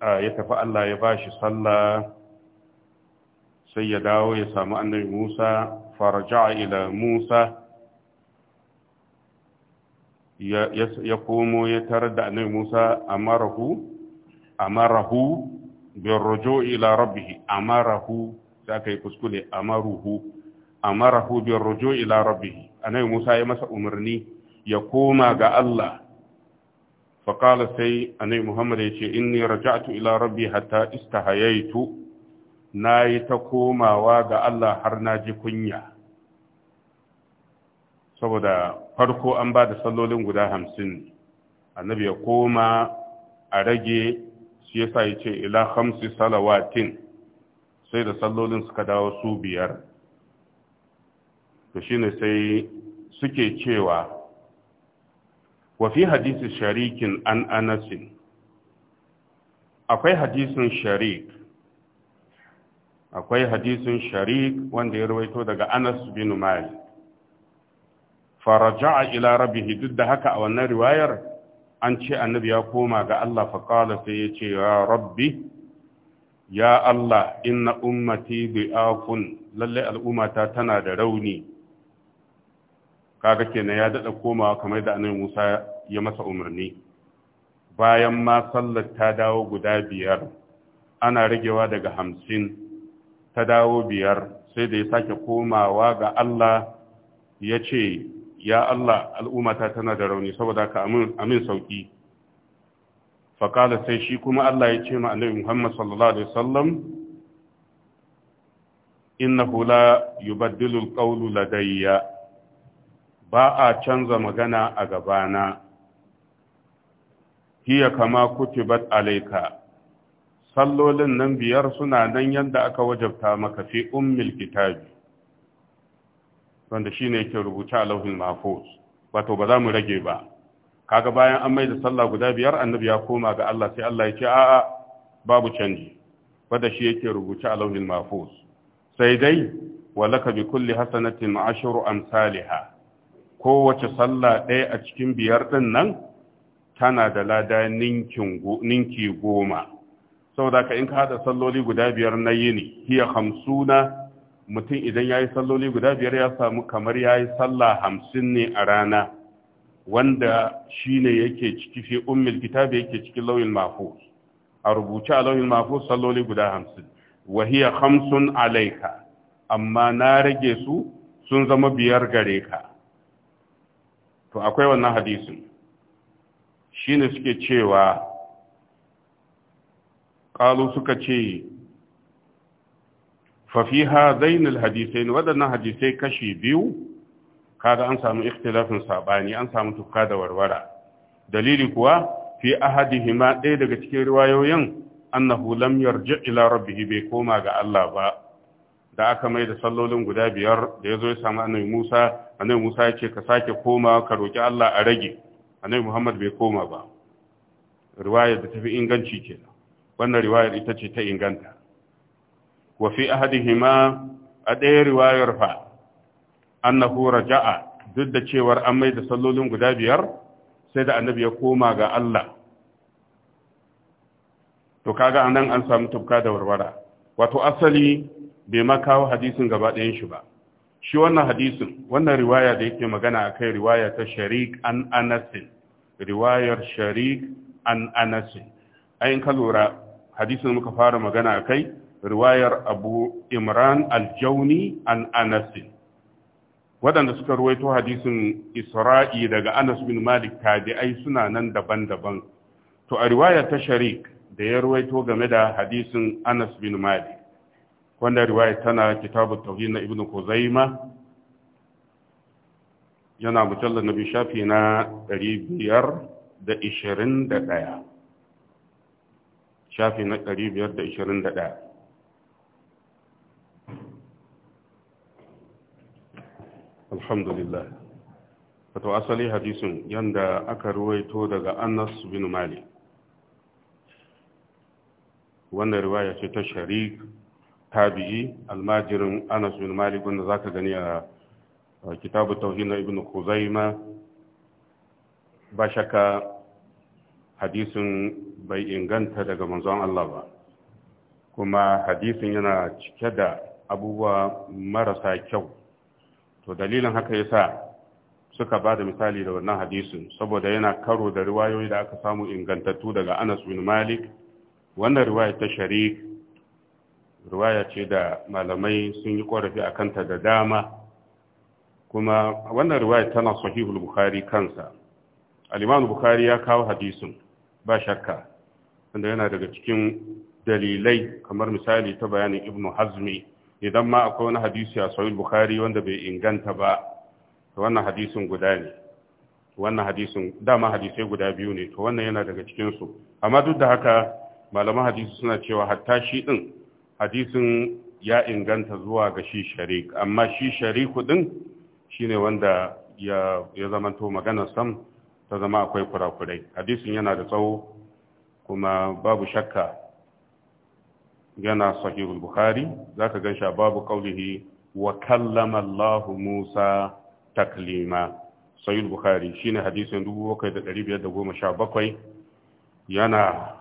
ya tafi Allah ya bashi sallah sai ya dawo ya samu annabi Musa faraja ila Musa ya komo ya tarar da annabi Musa amarahu amarahu bin rojo ila rabbihi amarahu sai aka yi kuskure amaruhu amarahu bin rojo ila rabbihi annabi Musa ya masa umarni ya koma ga Allah faƙala sai annabi Muhammad ya ce inni raja'tu ila rabbi hatta istahayaitu na yi ta komawa ga Allah har na ji kunya saboda farko an ba da sallolin guda hamsin annabi ya koma a rage shi sa ya ce ila hamsi salawatin sai da sallolin suka dawo su biyar to shine sai suke cewa wa fi hadisi sharikin an anasin akwai hadisin sharik akwai hadisin sharik wanda ya rawaito daga anas bin malik faraja ila rabbihi duk da haka a wannan riwayar an ce annabi ya koma ga Allah fa qala sai ya ce ya rabbi ya Allah inna ummati bi'afun lalle al'ummata tana da rauni kaga kenan ya dada komawa kamar da annabi Musa ya masa umarni bayan ma sallar ta dawo guda biyar ana ragewa daga hamsin ta dawo biyar sai da ya sake komawa ga Allah ya ce ya Allah al'ummata tana da rauni saboda ka amin sauki faƙala sai shi kuma Allah ya ce ma annabi Muhammad sallallahu alaihi wasallam innahu la yubaddilu alqawlu ladayya ba a canza magana a gabana hiya kama kutibat alaika sallolin nan biyar suna nan yanda aka wajabta maka fi ummil kitabi wanda shine yake rubuta a lauhin mahfuz wato ba za mu rage ba kaga bayan an mai da sallah guda biyar annabi ya koma ga Allah sai Allah ya ce a'a babu canji wanda shi yake rubuta a lauhin mahfuz sai dai walaka bi kulli hasanatin ashru amsalha kowace sallah ɗaya a cikin biyar din nan tana da lada ninki goma saboda ka in ka hada salloli guda biyar na yini hiya hamsuna mutum idan ya yi salloli guda biyar ya samu kamar ya yi sallah hamsin ne a rana wanda shi ne yake ciki fi ummil kitabi yake cikin lauyin mafo a rubuce a lauyin mafo salloli guda hamsin wahiya hamsin alaika amma na rage su sun zama biyar gare ka to akwai wannan hadisin shi ne suke cewa ƙalu suka ce Fafiha, ha zainul hadisai waɗannan hadisai kashi biyu kada an samu ikhtilafin sabani an samu tukka da warwara dalili kuwa fi ahadihima ɗaya daga cikin riwayoyin annahu lam yarji ila rabbih bai koma ga Allah ba da aka mai da sallolin guda biyar da yazo ya samu annabi Musa annabi Musa ya ce ka sake koma ka roki Allah a rage annabi Muhammad bai koma ba riwayar da tafi inganci kenan wannan riwayar ita ce ta inganta wa fi ahadihima a ɗaya riwayar fa annahu raja'a duk da cewar an mai da sallolin guda biyar sai da annabi ya koma ga Allah to kaga anan an samu tubka da warwara wato asali bai maka hadisin gaba ɗayan shi ba shi wannan hadisin wannan riwaya da yake magana akai riwaya ta sharik an anasin riwayar sharik an anasin ayin ka lura hadisin muka fara magana akai riwayar abu imran aljauni an anasin waɗanda suka ruwaito hadisin isra'i daga anas bin malik tabi'ai suna nan daban-daban to a riwaya ta sharik da ya ruwaito game da hadisin anas bin malik wanda riwaya tana kitabu tauhid na ibnu kuzaima yana mujallar nabi shafi na 521 shafi na 521 alhamdulillah wato asali hadisin yanda aka ruwaito daga anas bin malik wannan riwaya ce ta sharik tabi'i almajirin anas bin malik wanda zaka gani a kitabu tauhid na ibn kuzaima ba shakka hadisin bai inganta daga manzon Allah ba kuma hadisin yana cike da abubuwa marasa kyau to dalilin haka ya sa suka ba da misali da wannan hadisin saboda yana karo da riwayoyi da aka samu ingantattu daga Anas bin Malik wannan riwaya ta Sharik riwaya ce da malamai sun yi korafi a kanta da dama kuma wannan riwaya tana sahihul Bukhari kansa al-Imam Bukhari ya kawo hadisin ba shakka wanda yana daga cikin dalilai kamar misali ta bayanin Ibnu Hazmi idan ma akwai wani hadisi a sahih bukhari wanda bai inganta ba to wannan hadisin guda ne wannan hadisin dama hadisai guda biyu ne to wannan yana daga cikin su amma duk da haka malaman hadisi suna cewa hatta shi din hadisin ya inganta zuwa ga shi sharik amma shi shariku din shine wanda ya ya zamanto magana sam ta zama akwai kurakurai hadisin yana da tsawo kuma babu shakka yana sahihul bukhari ka gan shi babu qaulihi wa kallama Allah Musa taklima sahihul bukhari shine hadisin 7517 yana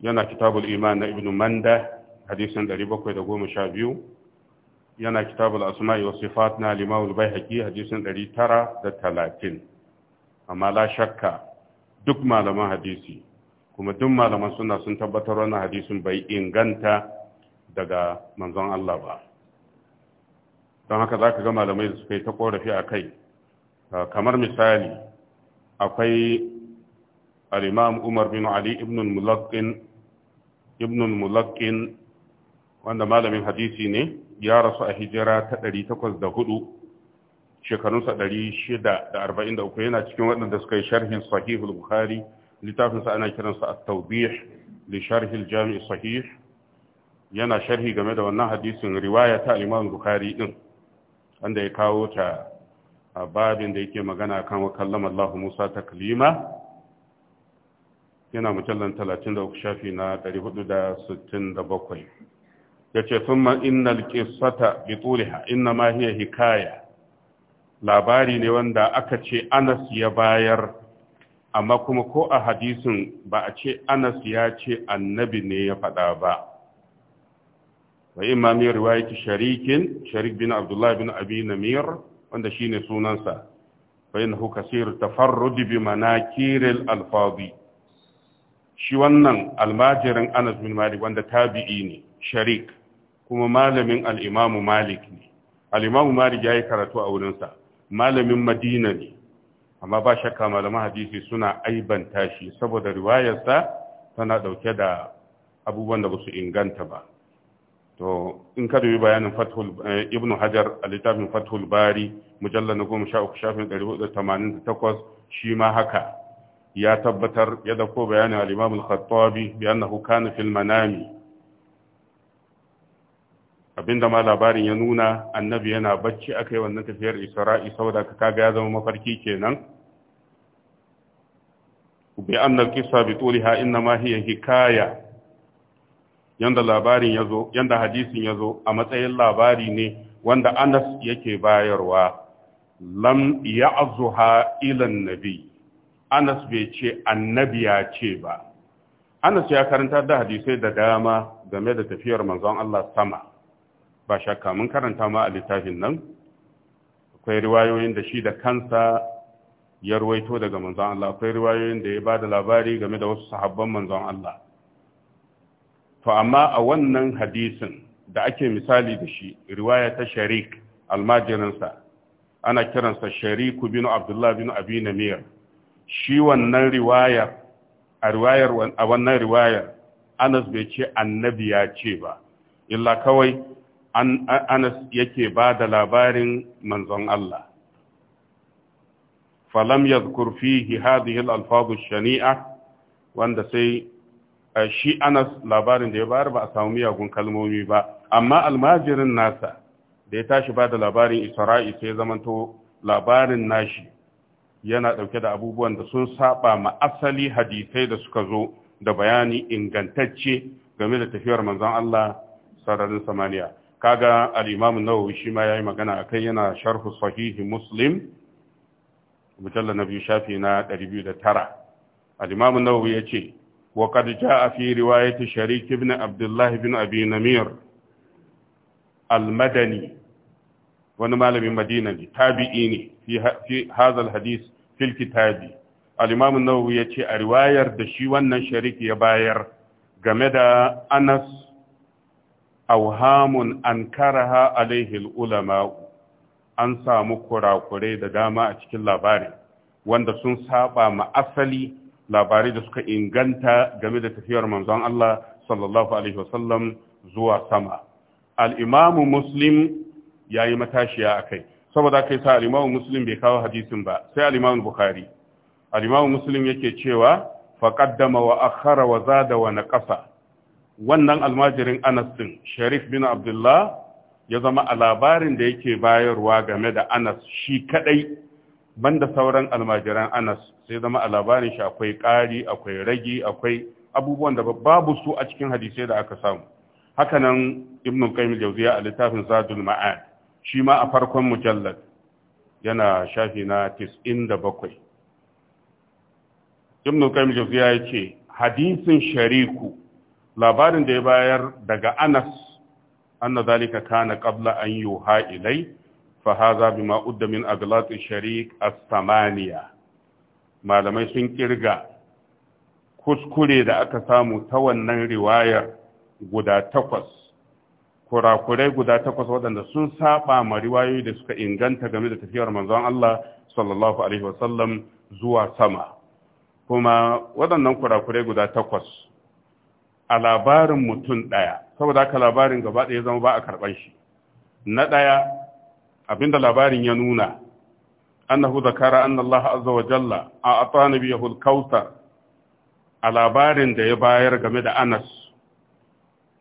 yana kitabul iman na ibnu manda hadisin 712 yana kitabul asma'i was sifat na limamul baihaqi hadisin 930 amma la shakka duk malaman hadisi kuma duk malaman suna sun tabbatar wannan hadisin bai inganta daga manzon Allah ba don haka za ka ga malamai da suka yi ta korafi a kai ah, kamar misali akwai al-imam umar bin ali ibn mulakin wanda malamin hadisi ne ya rasu a hijira ta 804 shekarunsa 643 yana cikin waɗanda suka yi sharhin sahihul bukhari Littafinsa ana kiransa a tawbih li jami sahih yana sharhi game da wannan hadisin riwaya ta Imam Bukhari din wanda ya kawo ta a babin da yake magana kan wa kallama Musa ta taklima yana mujallan 33 shafi na 467 yace thumma innal qissata bi tuliha inma hiya hikaya labari ne wanda aka ce Anas ya bayar amma kuma ko a hadisin ba a ce anas ya ce annabi ne ya faɗa ba wa imami riwayati sharikin sharik bin abdullahi bin abi namir wanda shine sunansa fa innahu kasir tafarrud bi manakir al alfadi shi wannan almajirin anas bin malik wanda tabi'i ne sharik kuma malamin al-imamu malik ne al-imamu malik yayi karatu a wurinsa malamin madina ne amma ba shakka malaman hadisi suna aibanta shi saboda riwayarsa tana dauke da abubuwan da su inganta ba to in ka dubi bayanin fathul eh, ibnu hajar a littafin fathul bari mujallar na goma sha uku shafin ɗari hudu tamanin da takwas shi ma haka ya tabbatar ya dauko bayanin al-imam al-khattabi bi annahu kana fil manami abinda ma labarin ya nuna annabi yana bacci akai yi wannan tafiyar isra'i saboda ka kaga ya zama mafarki kenan bi annal qissa bi tuliha inna ma hiya hikaya yanda labarin yazo yanda hadisin yazo a matsayin labari ne wanda Anas yake bayarwa lam ya'zuha ila nabi Anas bai ce annabi ya ce ba Anas ya karanta da hadisai da dama game da tafiyar manzon Allah sama ba shakka mun karanta ma a littafin nan akwai riwayoyin da shi da kansa ya ruwaito daga manzon Allah akwai riwayoyin da ya ba da labari game da wasu sahabban manzon Allah to amma a wannan hadisin da ake misali da shi riwaya ta sharik almajirinsa ana kiransa shariku bin abdullah bin abi namir shi wannan riwayar a riwayar a wannan riwayar anas bai ce annabi ya ce ba illa kawai an anas yake ba da labarin manzon Allah falam kurfi, fihi hadhihi al shania wanda sai shi anas labarin da ya bayar ba a samu miyagun kalmomi ba amma almajirin nasa da ya tashi ba da labarin isra'i sai zamanto labarin nashi yana ɗauke da abubuwan da sun saba ma asali hadisai da suka zo da bayani ingantacce game da tafiyar manzon Allah sararin samaniya kaga al-imam an-nawawi shi ma yayi magana akai yana sharh sahih muslim mujallal nabi shafi na 209 al-imam an-nawawi yace wa qad jaa fi riwayati sharik ibn abdullah ibn abi namir al-madani wani malamin madina ne tabi'i ne fi hadha al-hadith fi al-kitabi al-imam nawawi yace a riwayar da shi wannan sharik ya bayar game da Anas awhamun ankaraha alaihil ulama an samu kurakurai da dama a cikin labari wanda sun saba ma asali labarai da suka inganta game da tafiyar manzon Allah sallallahu alaihi wasallam zuwa sama al-imamu muslim yayi matashiya akai saboda kai sa al-imamu muslim bai kawo hadisin ba sai al-imamu bukhari al-imamu muslim yake cewa faqaddama wa akhara wa zada wa naqasa wannan almajirin Anas din Sharif bin Abdullah ya zama a labarin da yake bayarwa game da Anas shi kadai banda sauran almajiran Anas sai zama a labarin shi akwai ƙari akwai ragi akwai abubuwan da babu su a cikin hadisai da aka samu hakanan ibn qayyim jawziya a littafin zadul ma'ad shi ma a farkon mujallad yana shafi na 97 ibn qayyim jawziya yace hadisin shariku labarin da ya bayar daga Anas anna zalika kana qabla an yuha ilai fa hadha bima udda min aglat sharik as-samaniya malamai sun kirga kuskure da aka samu ta wannan riwayar guda takwas kurakurai guda takwas waɗanda sun saba ma riwayoyi da suka inganta game da tafiyar manzon Allah sallallahu alaihi wasallam zuwa sama kuma waɗannan kurakurai guda takwas a labarin mutum ɗaya saboda haka labarin gaba ɗaya zama ba a karɓar shi na ɗaya abinda labarin ya nuna annahu zakara annallaha azza wa jalla a ata nabiyahu al a labarin da ya bayar game da Anas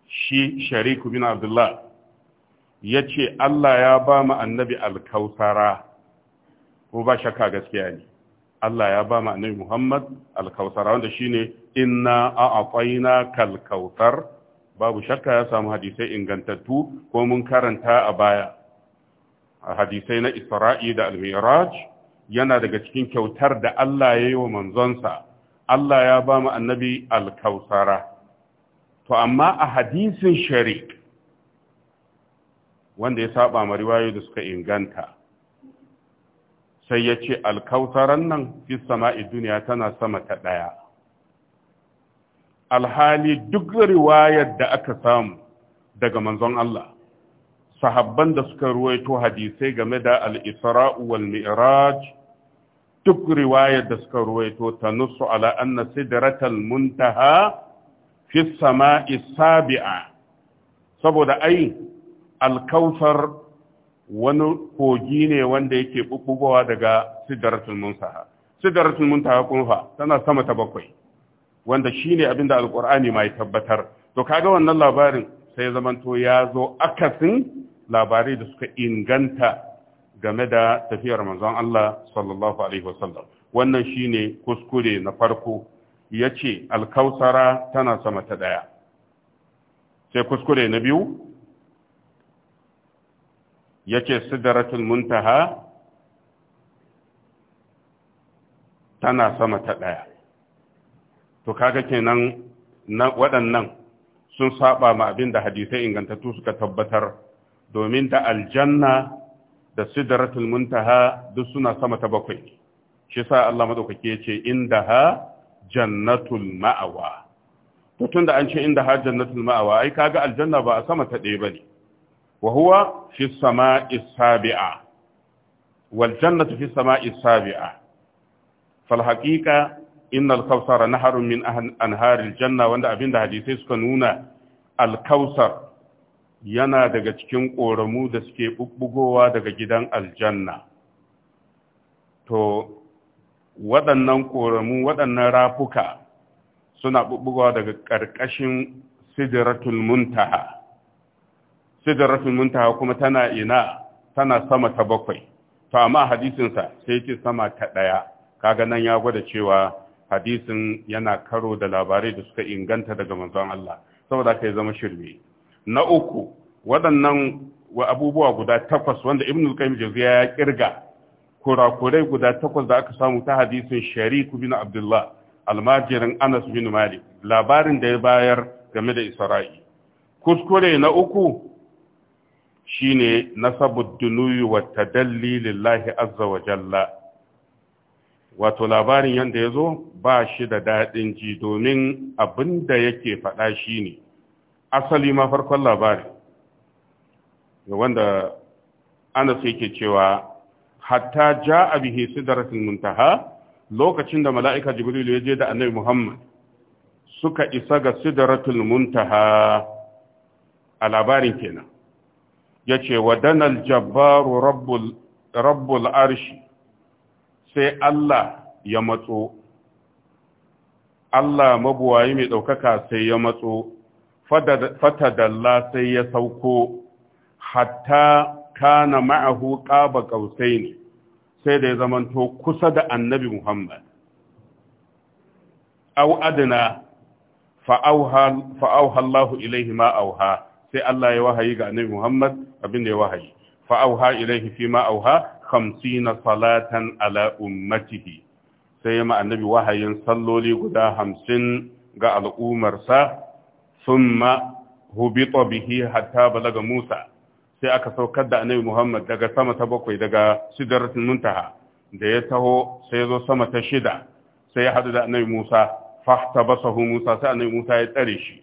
shi Shariku bin Abdullah ya ce Allah ya ba mu annabi alkausara ko ba shakka gaskiya ne Allah ya ba ma annabi Muhammad alkautar wanda shine inna kal kalkautar babu shakka ya samu hadisai ingantattu ko mun karanta a baya hadisai na Isra'i da al-Mi'raj yana daga cikin kyautar da Allah ya yi wa manzonsa Allah ya ba mu annabi alkausara to amma a hadisin sharik wanda ya saba ma riwayoyi da suka inganta sai ya ce alkautaran nan fi sama'i duniya tana sama ta ɗaya alhali duk riwayar da aka samu daga manzon Allah sahabban da suka ruwaito hadisai game da al-isra'u wal mi'raj duk riwayar da suka ruwaito ta nusu ala anna sidratal muntaha fi sama'i sabi'a saboda ai alkautar wani kogi ne wanda yake bubbugowa daga sidratul muntaha sidratul muntaha kun fa tana sama ta bakwai wanda shine abin da alqur'ani mai tabbatar to kaga wannan labarin sai zamanto ya zo akasin labarai da suka inganta game da tafiyar manzon Allah sallallahu alaihi wasallam wannan shine kuskure na farko yace alkausara tana sama ta daya sai kuskure na biyu yace sidratul muntaha tana sama ta ɗaya to kaga kenan waɗannan sun saba ma abin da hadisai ingantattu suka tabbatar domin da aljanna da sidratul muntaha duk suna sama ta bakwai shi sa Allah madaukake ya ce inda ha jannatul ma'awa to da an ce inda ha jannatul ma'awa ai kaga aljanna ba a sama ta ɗaya bane Wahuwa huwa fi sama'i sabi'a wal jannatu fi sama'i sabi'a fal haqiqa innal kawsara naharun min anharil janna wanda abinda hadisai suka nuna alkausar yana daga cikin ƙoramu da suke bubbugowa daga gidan aljanna to waɗannan ƙoramu waɗannan rafuka suna bubbugowa daga ƙarƙashin sidiratul muntaha rafin muntaha kuma tana ina tana sama ta bakwai to amma hadisin sa sai yake sama ta daya kaga nan ya gwada cewa hadisin yana karo da labarai da suka inganta daga manzon Allah saboda kai zama shirme na uku waɗannan wa abubuwa guda takwas wanda ibn qayyim jawziya ya kirga kurakurai guda takwas da aka samu ta hadisin shariku bin abdullah almajirin anas bin malik labarin da ya bayar game da isra'i kuskure na uku shine nasabud dunuyi wa tadalli lillahi azza wa jalla wato labarin yanda ya zo ba shi da daɗin ji domin abin da yake faɗa shi ne asali ma farkon labari wanda sai yake cewa hatta ja a bihi sidratul muntaha lokacin da mala'ika jibril ya je da annabi muhammad suka isa ga sidratul muntaha a labarin kenan yace Danal jabbaru rabbul rabbul arshi sai Allah ya matso Allah mabuwayi mai ɗaukaka sai ya matso fatadalla sai ya sauko hatta kana ma'ahu ƙaba ƙausai ne sai da ya zamanto kusa da annabi Muhammad. Au adina fa'auha Allahu ilaihi ma'auha sai Allah ya wahayi ga annabi Muhammad abin da ya wahayi fa auha ilaihi fi ma auha 50 salatan ala ummatihi sai ya ma annabi wahayin salloli guda 50 ga al'umarsa thumma hubita bihi hatta balaga Musa sai aka saukar da annabi Muhammad daga sama ta bakwai daga sidratul muntaha da ya taho sai ya zo sama ta shida sai ya hadu da annabi Musa fahtabasahu Musa sai annabi Musa ya tsare shi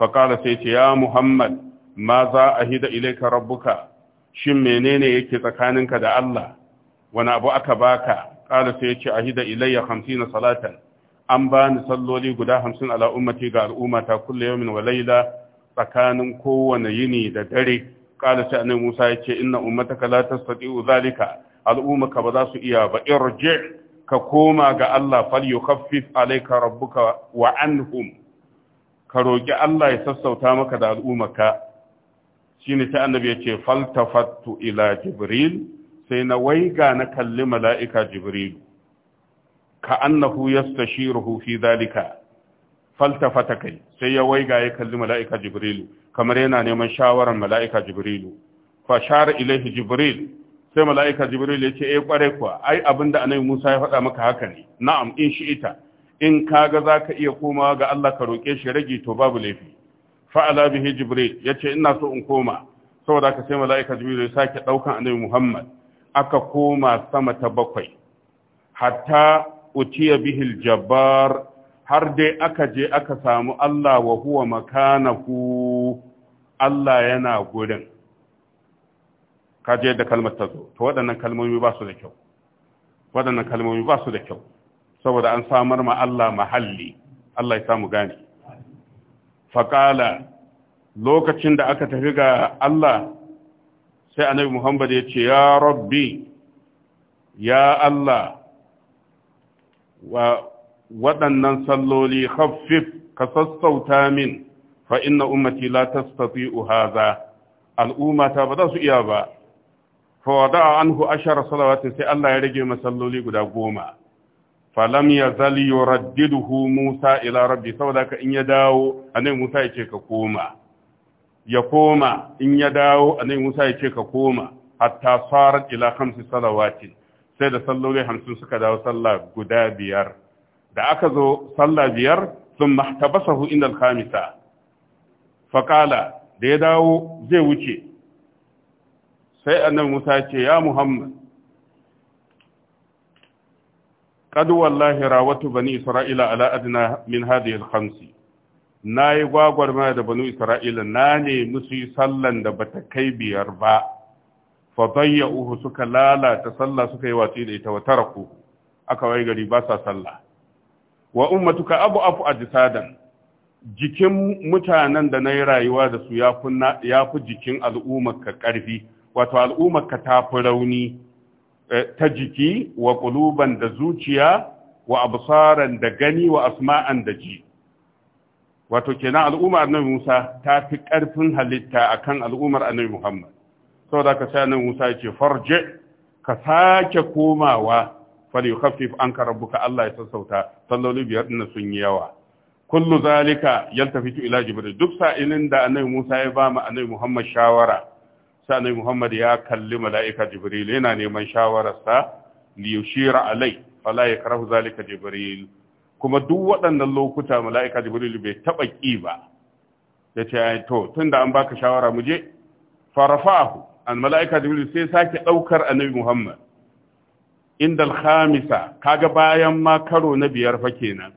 faƙala sai ce ya muhammad ma za a hida ilaika rabbuka shin menene yake tsakaninka da Allah wani abu aka baka ƙala sai ce a hida ilayya hamsina salatan an bani salloli guda hamsin ala ummati ga al'ummata kulle yawmin wa laila tsakanin kowane yini da dare ƙala sai Musa ya ce inna ummataka la tastati'u zalika al'umma ba za su iya ba irji ka koma ga Allah fal yukaffif alayka rabbuka wa anhum ka roƙi Allah ya sassauta maka da al'ummarka shine sai annabi ya ce faltafattu ila jibril sai na waiga na kalli mala'ika jibril ka annahu yastashiruhu fi zalika faltafata kai sai ya waiga ya kalli mala'ika Jibril. kamar yana neman shawaran mala'ika Jibril. fa share ilaihi jibril sai mala'ika jibril ya ce eh kware kuwa ai abinda annabi Musa ya faɗa maka haka ne na'am in shi ita in kaga za ka iya komawa ga Allah ka roƙe shi rage to babu laifi fa'ala bihi jibril ya ina so in koma saboda ka sai mala'ika jibril ya sake ɗaukan annabi muhammad aka koma sama ta bakwai hatta utiya bihi jabbar har dai aka je aka samu Allah wa huwa makanahu Allah yana gurin kaje da kalmar ta zo to waɗannan kalmomi ba su da kyau waɗannan kalmomi ba su da kyau saboda an samar ma Allah mahalli Allah ya samu gane faƙala lokacin da aka tafi ga Allah sai annabi Muhammad ya ce ya rabbi ya Allah wa waɗannan salloli khaffif ka sassauta min fa inna ummati la tastati'u hadha al'ummata ba za su iya ba fa wada'a anhu ashara salawatin sai Allah ya rage masalloli guda goma falam ya zali yuraddiduhu Musa ila rabbi saboda ka in ya dawo annabi Musa ya ce ka koma ya koma in ya dawo annabi Musa ya ce ka koma hatta sarat ila khamsi salawati sai da sallolai hamsin suka dawo sallah guda biyar da aka zo sallah biyar sun mahtabasahu inda alhamisa faƙala da ya dawo zai wuce sai annabi musa ce ya muhammad Ƙaduwar wallahi rawatu bani isra'ila ala adna min hadhihi al-khamsi nayi gwagwarma da bani isra'ila na ne musu sallar sallan da bata kai biyar ba fa dayya'uhu suka lalata sallah suka yi watsi da ita wa taraku aka wai gari ba sa sallah wa ummatuka abu afu ajsadan jikin mutanen da nayi rayuwa da su ya fi jikin al'ummar ka karfi wato al'ummar ka ta fi rauni Eh, ta jiki wa kuluban da zuciya wa absaran da gani wa asma'an da ji wato kenan al'ummar annabi Musa ta fi ƙarfin halitta akan al'ummar annabi Muhammad saboda ka sai annabi Musa yace farje ka sake komawa fal yukhaffif anka rabbuka Allah ya sassauta salloli biyar din sun yi yawa kullu zalika yaltafitu ila jibril duk sa'ilin da annabi Musa ya ba mu annabi Muhammad shawara sani Muhammad ya kalli mala'ika Jibril yana neman shawararsa liyushira alai fala ya karahu zalika Jibril kuma duk waɗannan lokuta mala'ika Jibril bai taɓa ƙi ba ya ce to tun da an baka shawara mu je farafahu an mala'ika Jibril sai sake ɗaukar annabi Muhammad inda alhamisa kaga bayan ma karo na biyar fa kenan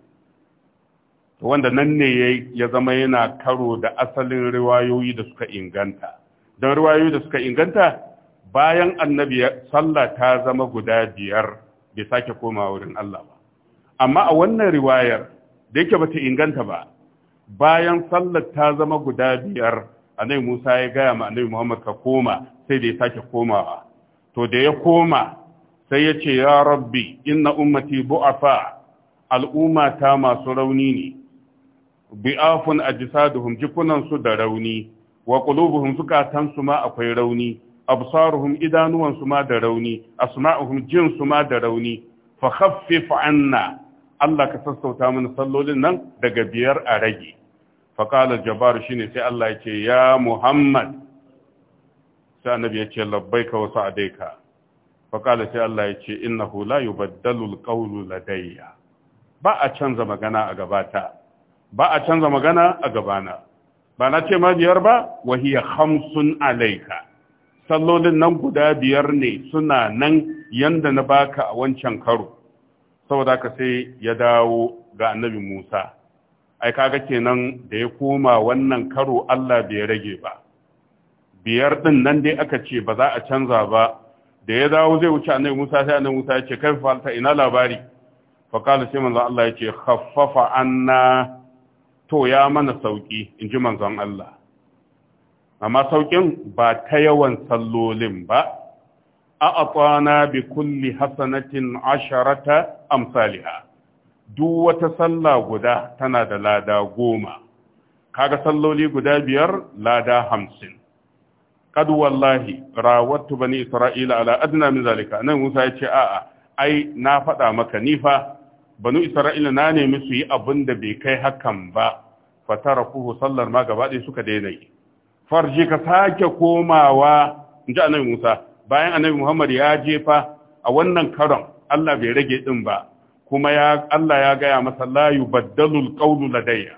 wanda nan ne ya zama yana karo da asalin riwayoyi da suka inganta don ruwayoyi da suka inganta bayan annabi sallah ta zama guda biyar bai sake koma wurin Allah ba amma a wannan riwayar da yake bata inganta ba bayan sallar ta zama guda biyar annabi Musa ya gaya ma annabi Muhammad ka koma sai da ya sake komawa to da ya koma sai ya ce ya rabbi inna ummati bu'afa al'umma ta masu rauni ne bi'afun ajsaduhum jikunan su da rauni wa qulubuhum zukatan su ma akwai rauni absaruhum idanuwan su ma da rauni asma'uhum jin su ma da rauni fa khaffif anna Allah ka sassauta mana sallolin nan daga biyar a rage fa qala jabbar shine sai Allah ya ya Muhammad sai annabi ya ce labbaika wa sa'daika fa qala sai Allah ya ce innahu la yubaddalu alqawlu ladayya ba a canza magana a gabata ba a canza magana a gabana ba na ce ma biyar ba wahiya hamsin alaika sallolin nan guda biyar ne suna nan yanda na baka a wancan karo saboda ka sai ya dawo ga annabi Musa ai kaga kenan da ya koma wannan karo Allah bai rage ba biyar din nan dai aka ce ba za a canza ba da ya dawo zai wuce annabi Musa sai annabi Musa ya ce kai falta ina labari fa kala sai manzo Allah ya ce khaffafa anna to ya mana sauƙi in ji manzon Allah amma saukin ba ta yawan sallolin ba a atana bi kulli hasanatin asharata amsaliha duk wata sallah guda tana da lada goma kaga salloli guda biyar lada hamsin kad wallahi rawattu bani isra'ila ala adna min zalika nan Musa ya ce a'a ai na faɗa maka ni fa banu isra'ila na nemi su yi abin da bai kai hakan ba fatara kuhu sallar ma gaba ɗaya suka daina yi farji ka sake komawa in ji annabi Musa bayan annabi Muhammad ya jefa a wannan karon Allah bai rage din ba kuma ya Allah ya gaya masa la yubaddalu alqawlu ladayya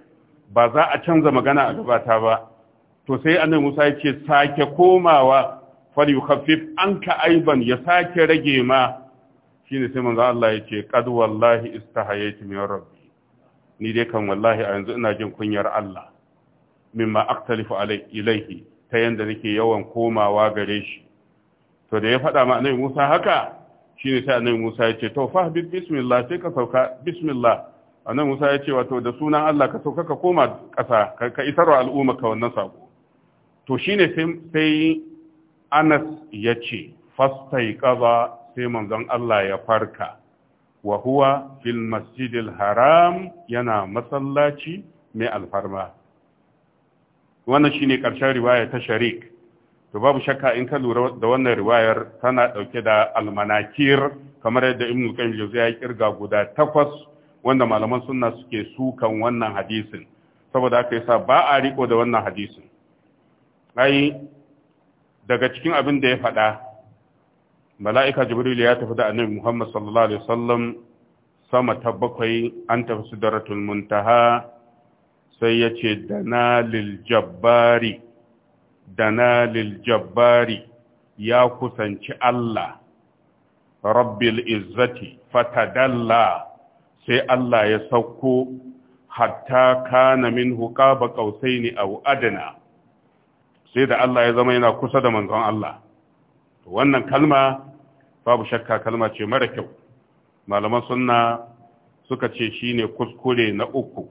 ba za a canza magana a gabata ba to sai annabi Musa ya ce sake komawa fal yukhaffif anka aiban ya sake rage ma shine sai manzo Allah ya ce qad wallahi istahayaitu min rabbi ni dai kan wallahi a yanzu ina jin kunyar Allah mimma aktalifu ilaihi ta yanda nake yawan komawa gare shi to da ya faɗa ma annabi Musa haka shine sai annabi Musa ya ce to fa bismillah sai ka sauka bismillah annabi Musa ya ce wato da sunan Allah ka sauka ka koma ƙasa ka isar isarwa al'umma ka wannan sako to shine sai Anas ya ce fastai qaba sai manzon Allah ya farka wa huwa fil masjidil haram yana masallaci mai alfarma wannan shine karshen riwaya ta sharik to babu shakka in ka lura da wannan riwayar tana dauke da almanakir kamar yadda ibnu qayyim jawziya ya kirga guda takwas wanda malaman sunna suke sukan wannan hadisin saboda haka yasa ba a riko da wannan hadisin ai daga cikin abin da ya faɗa mala'ika jibril ya tafi da annabi muhammad sallallahu alaihi wasallam sama ta bakwai an tafi da muntaha sai ya ce dana liljabari dana ya kusanci Allah rabbil izzati fatadalla sai Allah ya sauko hatta kana minhu baƙausai ne a adana sai da Allah ya zama yana kusa da manzon Allah wannan kalma babu shakka kalma ce mara kyau malaman sunna suka ce shine kuskure na uku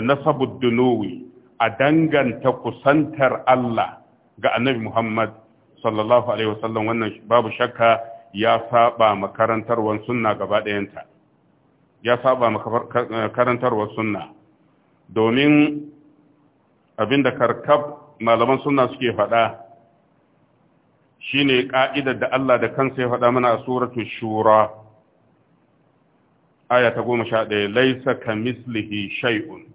nasabu dunuwi a danganta kusantar Allah ga annabi Muhammad sallallahu alaihi wasallam wannan babu shakka ya saba makarantarwar sunna gaba ɗayanta ya saba makarantarwar sunna domin abinda karkab malaman sunna suke faɗa Shi ne ƙa'idar da Allah da kansa ya faɗa mana a ta shura aya goma sha ɗaya laisa ka mislihi shay'un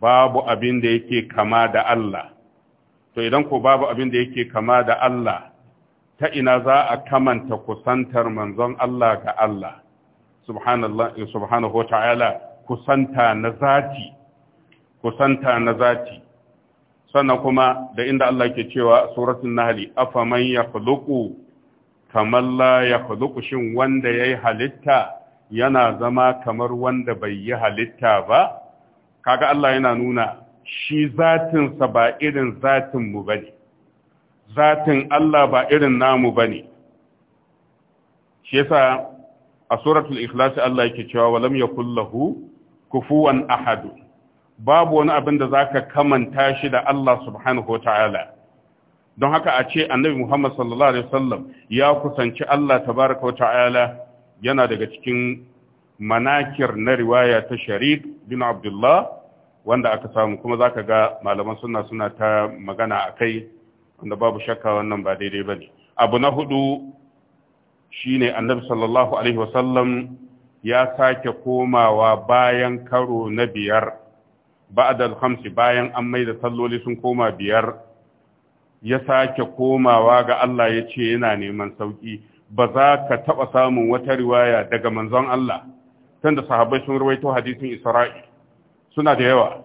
babu abin da yake kama da Allah to idan ko babu abin da yake kama da Allah ta ina za a kamanta kusantar manzon Allah ga Allah eh, subhanahu wa ta'ala kusanta na zati kusanta na zati sannan kuma da inda Allah ke cewa a suratun nahli afaman yakhluqu kamar la ya yakhluqu shin wanda ya yi halitta yana zama kamar wanda bai yi halitta ba kaga Allah yana nuna shi zatinsa ba irin zatinmu ba ne. zatin Allah ba irin namu bane shi yasa a suratul ikhlas Allah yake cewa walam ya kullahu kufuwan ahadu babu wani abin da zaka kamanta shi da Allah subhanahu ta'ala don haka a ce annabi Muhammad sallallahu alaihi wasallam ya kusanci Allah tabaraka ta'ala yana daga cikin manakir na riwaya ta Sharik bin Abdullah wanda aka samu kuma zaka ga malaman suna suna ta magana akai wanda babu shakka wannan ba daidai bane abu na hudu shine annabi sallallahu alaihi wasallam ya sake komawa bayan karo na biyar baadal khamsi bayan an mai da salloli sun koma biyar ya sake komawa ga Allah ya ce yana neman sauki ba za ka taɓa samun wata riwaya daga manzon Allah tunda sahabbai sun rawaito hadisin Isra'i suna da yawa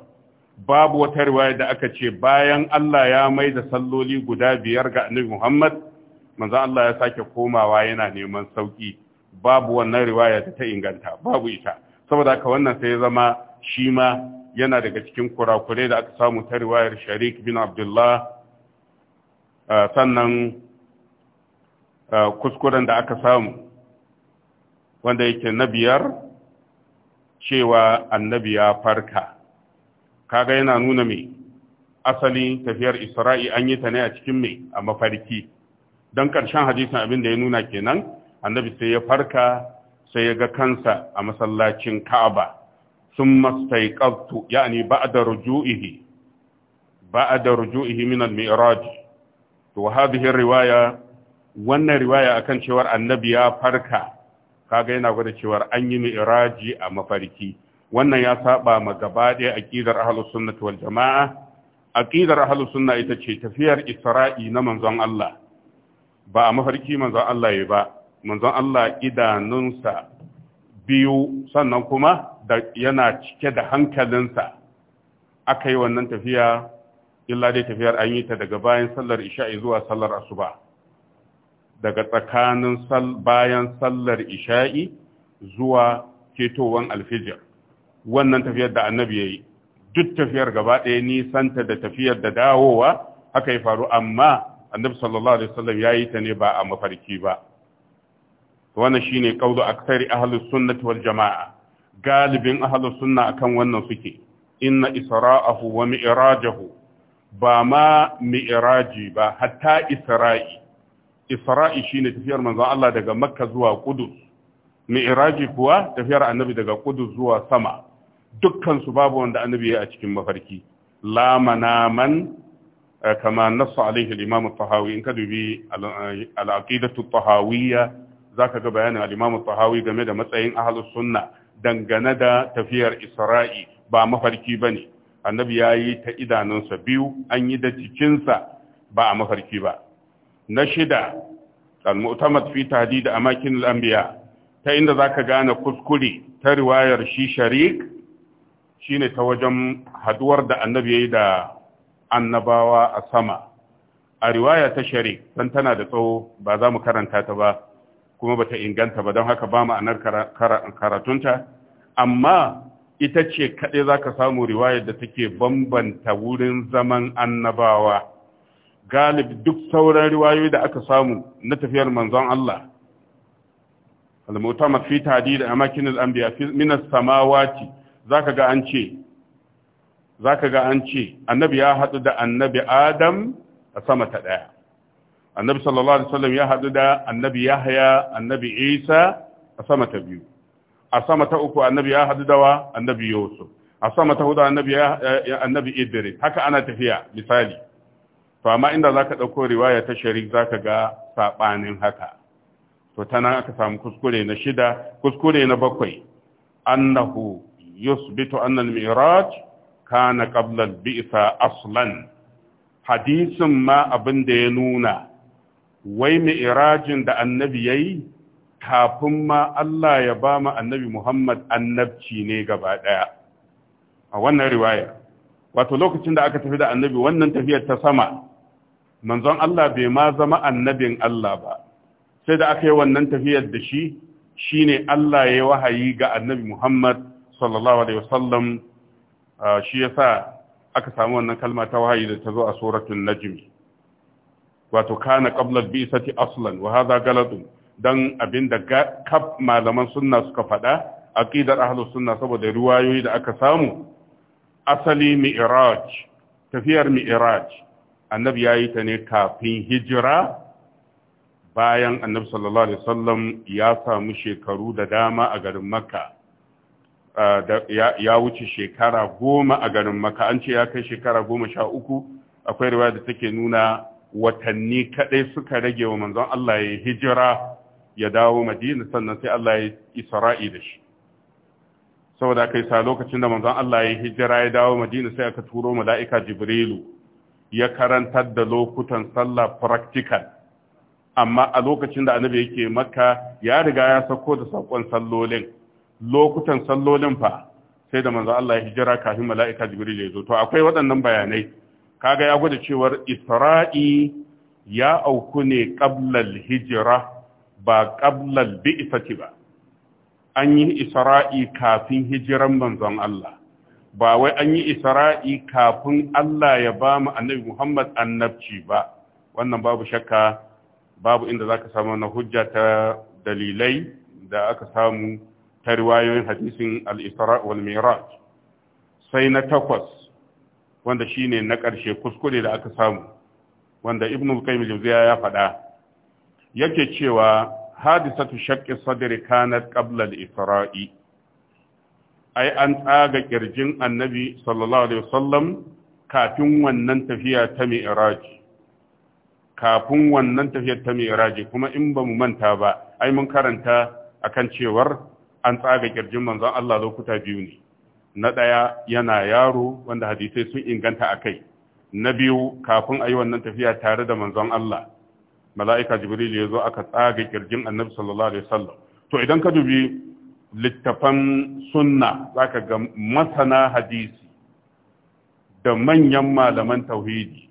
babu wata riwaya da aka ce bayan Allah ya mai da salloli guda biyar ga annabi Muhammad manzo Allah ya sake komawa yana neman sauki babu wannan riwaya ta inganta babu ita saboda haka wannan sai ya zama shi ma yana daga cikin kurakurai da aka samu ta riwayar sharik bin abdullah sannan kuskuren da aka samu wanda yake na biyar cewa annabi ya farka kaga yana nuna mai asali tafiyar isra'i an yi ta ne a cikin mai a mafarki don ƙarshen hadisin abin da ya nuna kenan annabi sai ya farka sai ya ga kansa a masallacin ka'aba ثم استيقظت يعني بعد رجوعه بعد رجوعه من المعراج وهذه الرواية وأن الرواية أكن شوار النبي فركا kaga yana gwada cewar an yi mi'raji a mafarki wannan ya saba ma gaba ɗaya aqidar ahlus sunnati wal jama'a aqidar ahlus sunna ita ce tafiyar isra'i na manzon Allah ba a mafarki manzon Allah ya ba manzon Allah idanunsa biyu sannan kuma yana cike da hankalinsa aka yi wannan tafiya illa dai tafiyar an yi ta daga bayan sallar isha'i zuwa sallar asuba daga tsakanin bayan sallar isha'i zuwa ketowar alfijir wannan tafiyar da annabi ya yi duk tafiyar gaba ɗaya nisanta da tafiyar da dawowa haka ya faru amma annabi sallallahu alaihi wasallam ya yi ta ne ba a mafarki ba wannan shine qawlu aktsari ahlus sunnati wal jamaa galibin ahlus sunna akan wannan suke inna isra'ahu wa mi'rajahu ba ma mi'raji ba hatta isra'i isra'i shine tafiyar manzon Allah daga makka zuwa qudus mi'raji kuwa tafiyar annabi daga qudus zuwa sama dukkan su babu wanda annabi ya a cikin mafarki la manaman كما نص عليه الإمام الطهاوي إن كذب zaka ga bayanin al'imamu imam Tahawi game da matsayin ahalus sunna dangane da tafiyar Isra'i ba mafarki ba ne. annabi ya yi ta idanunsa biyu an yi da cikinsa ba a mafarki ba na shida al-mu'tamad fi tahdid amakin al-anbiya ta inda zaka gane kuskure ta riwayar shi sharik shine ta wajen haduwar da annabi yayi da annabawa a sama a riwaya ta sharik san tana da tsawo ba za mu karanta ta ba kuma bata inganta ba don haka ba ma'anar karatunta amma ita ce kaɗai za ka samu riwayar da take bambanta wurin zaman annabawa galib duk sauran riwayoyi da aka samu na tafiyar manzon Allah al-mu'tamad fi tadid amakin al-anbiya min as-samawati zaka ga an ce zaka ga an ce annabi ya hadu da annabi Adam a sama ta daya annabi sallallahu alaihi wasallam ya hadu da annabi yahya annabi isa a sama ta biyu a sama ta uku annabi ya hadu da wa annabi yusuf a sama ta hudu annabi ya, eh, annabi idris haka ana tafiya misali to amma inda zaka dauko riwaya ta sharik zaka ga sabanin haka to tana aka samu kuskure na shida kuskure na bakwai annahu yusbitu anna al-mi'raj kana qabla al-bi'sa aslan hadisin ma abin da ya nuna wai irajin da annabi yayi kafin ma Allah ya ba mu annabi Muhammad annabci ne gaba ɗaya a wannan riwaya wato lokacin da aka tafi da annabi wannan tafiyar ta sama manzon Allah bai ma zama annabin Allah ba sai da aka yi wannan tafiyar da shi shine Allah ya wahayi ga annabi Muhammad sallallahu alaihi wasallam ah, shi yasa aka samu wannan kalma ta wahayi da ta zo a suratul najm wato kana qablal bisati aslan wa hadha dan abinda Kab malaman sunna suka faɗa aqidar ahlus sunna saboda riwayoyi da aka samu asali mi'raj tafiyar mi'raj annabi yayi ta ne kafin hijira bayan annabi sallallahu alaihi wasallam ya samu shekaru da dama a garin makka ya wuce shekara goma a garin makka an ce ya kai shekara goma sha uku akwai riwaya da take nuna watanni kaɗai suka rage wa manzon Allah ya hijira ya dawo Madina sannan sai Allah ya Isra'i da shi saboda kai sa lokacin da manzon Allah ya hijira ya dawo Madina sai aka turo mala'ika Jibrilu ya karantar da lokutan sallah practical amma a lokacin da annabi yake Makka ya riga ya sako da sakon sallolin lokutan sallolin fa sai da manzon Allah ya hijira kafin mala'ika Jibrilu ya zo to akwai waɗannan bayanai kaga ya gwada cewar isra'i ya auku ne ƙablal hijira ba ƙablal biisati ba an yi isra'i kafin hijiran manzon Allah ba wai an yi isra'i kafin Allah ya ba mu annabi Muhammad annabci ba wannan babu shakka babu inda za ka samu na hujja ta dalilai da aka samu ta riwayoyin hadisin al-isra wal miraj sai na takwas wanda shi ne na ƙarshe kuskure da aka samu wanda ibnu qayyim jawziya ya faɗa yake cewa hadisatu shaqqi sadri kanat qabla al-isra'i ai an tsaga kirjin annabi sallallahu alaihi wasallam kafin wannan tafiya ta mi'raj kafin wannan tafiyar ta mi'raj kuma in ba mu manta ba ai mun karanta akan cewar an tsaga kirjin manzon Allah lokuta biyu ne na ɗaya yana yaro wanda hadisai sun inganta a kai na biyu kafin a yi wannan tafiya tare da manzon Allah mala'ika jibril ya zo aka tsaga kirjin annabi sallallahu alaihi wasallam to idan ka dubi littafan sunna za ka ga masana hadisi da manyan malaman tauhidi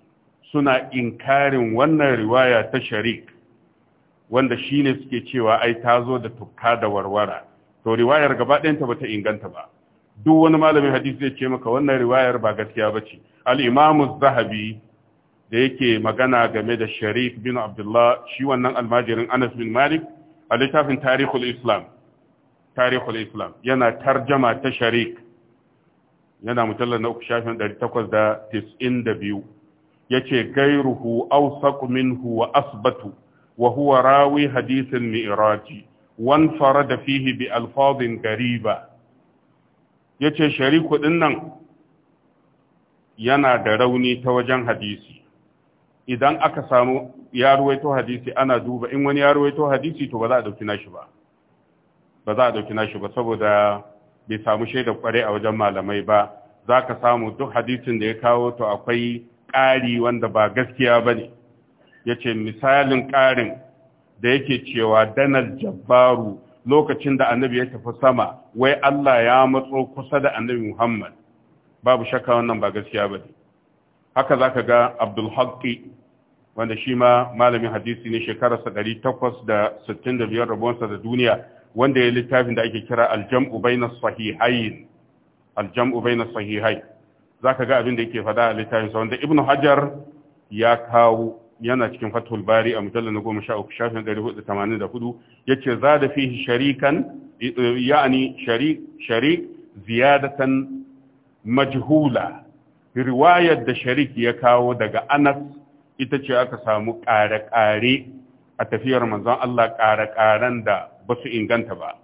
suna inkarin wannan riwaya ta sharik wanda shine suke cewa ai ta zo da tukka da warwara to riwayar gaba ɗayanta bata inganta ba duk wani malamin hadisi zai ce maka wannan riwayar ba gaskiya bace al-imamu zahabi da yake magana game da sharif bin abdullah shi wannan almajirin anas bin malik a littafin tarihul islam tarihul islam yana tarjama ta sharif yana mujallar na uku shafin 892 ya ce gairuhu ausaku minhu wa asbatu wa huwa rawi hadisin mi'raji wan farada fihi bi alfadin gariba ya ce kuɗin nan yana da rauni ta wajen hadisi idan aka samu ya ruwaito hadisi ana duba in wani ya ruwaito hadisi to ba za a ɗauki nashi ba ba za a ɗauki nashi ba saboda bai samu shaidar kware a wajen malamai ba za ka samu duk hadisin da ya kawo to akwai ƙari wanda ba gaskiya ba ne ya ce misalin ƙarin da yake cewa danar jabbaru lokacin da annabi ya tafi sama wai Allah ya matso kusa da annabi Muhammad babu shakka wannan ba gaskiya ba ne haka za ka ga Abdul Haqqi wanda shi ma malamin hadisi ne shekararsa 865 rabuwansa da duniya wanda ya littafin da ake kira aljam'u bainas sahihain aljam'u bainas sahihai zaka ga abin da yake fada a littafin sa wanda ibnu hajar ya kawo yana cikin fathul bari a mujallar na goma sha uku shafin ɗari hudu tamanin da hudu ya ce za da fi sharikan ya'ani sharik ziyadatan majhula riwayar da sharik ya kawo daga anas ita ce aka samu ƙare-ƙare a tafiyar manzon Allah ƙare-ƙaren da ba su inganta ba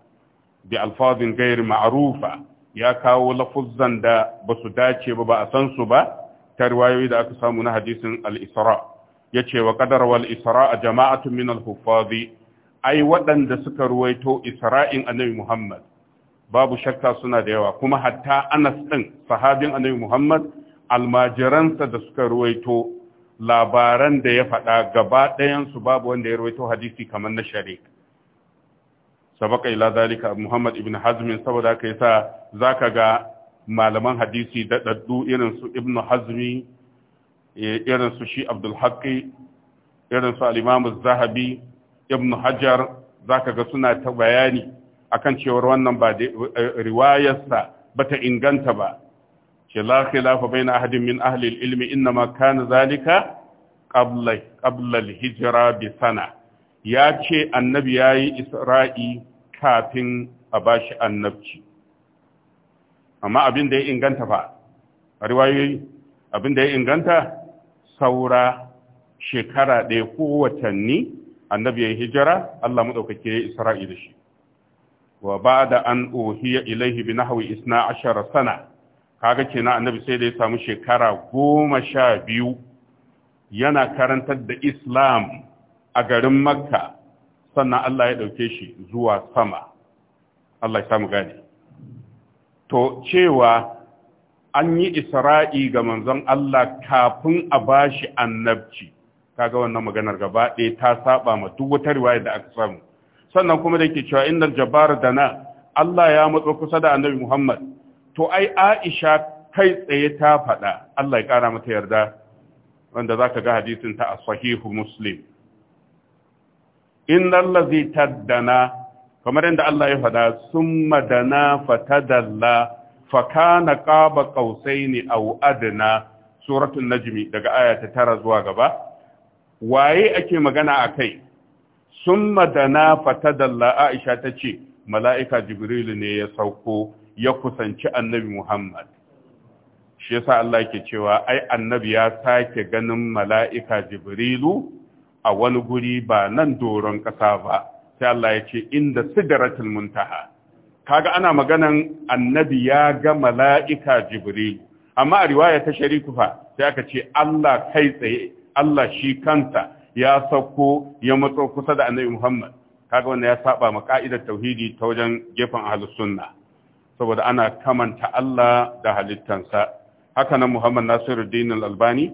bi alfazin gairi ma'arufa ya kawo lafuzzan da ba su dace ba ba a san su ba ta riwayoyi da aka samu na hadisin al-isra' Ya ce wa ƙadarwal isra'a jama'atu minal al huffazi ai waɗanda suka ruwaito isra'in annabi Muhammad babu shakka suna da yawa kuma hatta Anas ɗin sahabin annabi Muhammad almajiransa da suka ruwaito labaran da ya faɗa gaba ɗayansu babu wanda ya ruwaito hadisi kamar na shari sabaka ila zalika Muhammad ibn Hazmin saboda haka yasa zaka ga malaman hadisi da daddu irin su Ibn Hazmi irin su shi Abdul irin su al Zahabi Ibn Hajar zaka ga suna ta bayani akan cewar wannan ba eh, riwayarsa bata inganta ba ce la khilafa baina ahadin min ahli ilmi inna inma kana zalika qabla qabla al-hijra bi sana ya ce annabi yayi Isra'i kafin a bashi annabci amma abin da ya inganta fa riwayoyi abin da ya inganta saura shekara ɗaya ko watanni annabi ya hijira Allah maɗaukake ya isra'i da shi wa ba da an ohiya ilaihi bi nahwi isna ashara sana kaga kenan annabi sai da ya samu shekara goma sha biyu yana karantar da islam a garin makka sannan Allah ya ɗauke shi zuwa sama Allah ya samu gane to cewa an yi isra'i ga manzon Allah kafin a ba shi annabci kaga wannan maganar gaba ɗaya ta saba ma duk wata riwaya da aka samu sannan kuma da ke cewa innal jabbar dana Allah ya matso kusa da annabi Muhammad to ai Aisha kai tsaye ta faɗa Allah ya ƙara mata yarda wanda zaka ga hadisin ta a sahihu Muslim innal ladhi taddana kamar yadda Allah ya faɗa sun summa dana fatadalla fakana ƙausai ne a adna suratun najmi daga ayata tara zuwa gaba waye ake magana akai summa fata fatadalla aisha tace mala'ika Jibrilu ne ya sauko ya kusanci annabi muhammad shi yasa Allah ke cewa ai annabi ya sake ganin mala'ika jibrilu a wani guri ba nan doron ƙasa ba sai Allah ya ce inda sidratul muntaha kaga ana maganan annabi ya ga mala'ika jibril amma a riwaya ta shariku fa sai aka ce Allah kai tsaye Allah shi kansa ya sauko ya matso kusa da annabi Muhammad kaga wannan ya saba ma ka'idar tauhidi ta wajen gefen ahlus sunna saboda ana kamanta Allah da halittansa haka nan Muhammad Nasiruddin Al-Albani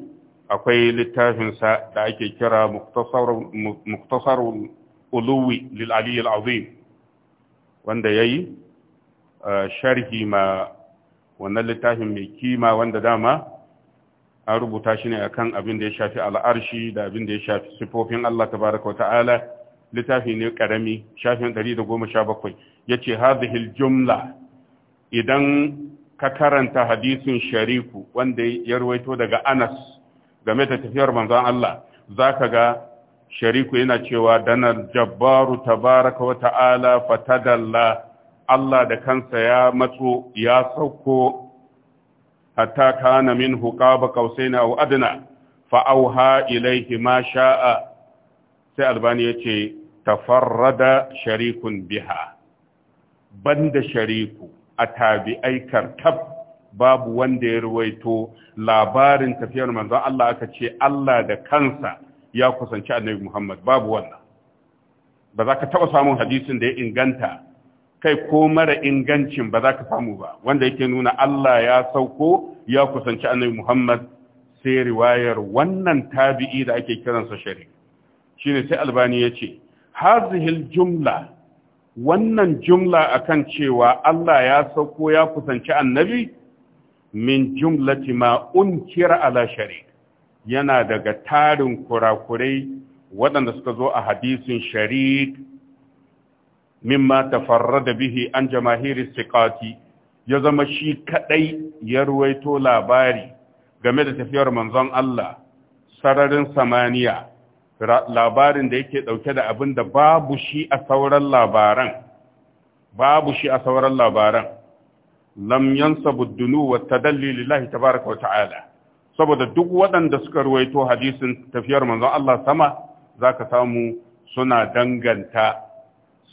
akwai littafinsa da ake kira Muktasar Uluwi lil Ali Al-Azim wanda ya yi eh, sharhi ma wannan littafin mai kima wanda dama an rubuta shi ne a kan abin da ya shafi al'arshi da abin da ya shafi sifofin Allah Ta baraka wa ta'ala littafi ne ƙarami shafin 117 ce hazihil jumla idan ka karanta hadisin shariku wanda ya ruwaito daga Anas game da tafiyar manzon Allah za ka ga shariku yana cewa danar jabbaru tabaraka wa ta'ala fatadalla Allah da kansa ya matso ya sauko hatta kana min huqaba qausaina aw adna fa auha ilayhi ma sha'a sai albani yace tafarrada sharikun biha banda shariku a tabi'ai kartab babu wanda ya ruwaito labarin tafiyar manzon Allah aka ce Allah da kansa ya kusanci annabi Muhammad babu wannan ba za ka taɓa samun hadisin da ya inganta kai ko mara ingancin ba za ka samu ba wanda yake nuna Allah ya sauko ya kusanci annabi Muhammad sai riwayar wannan tabi'i da ake kiransa shari shine sai albani ya ce hazihil jumla wannan jumla akan cewa Allah ya sauko ya kusanci annabi min jumlati ma unkira ala shari'a yana daga tarin kurakurai waɗanda suka zo a hadisin sharid mimma tafarrada bihi an jamahiri siqati ya zama shi kaɗai ya ruwaito labari game da tafiyar manzon Allah sararin samaniya labarin da yake ɗauke da abin da babu shi a sauran labaran babu shi a sauran labaran lam yansabu dunu wa tadalli lillahi tabaaraka wa ta'ala saboda duk waɗanda suka ruwaito hadisin tafiyar manzon Allah sama za ka samu suna danganta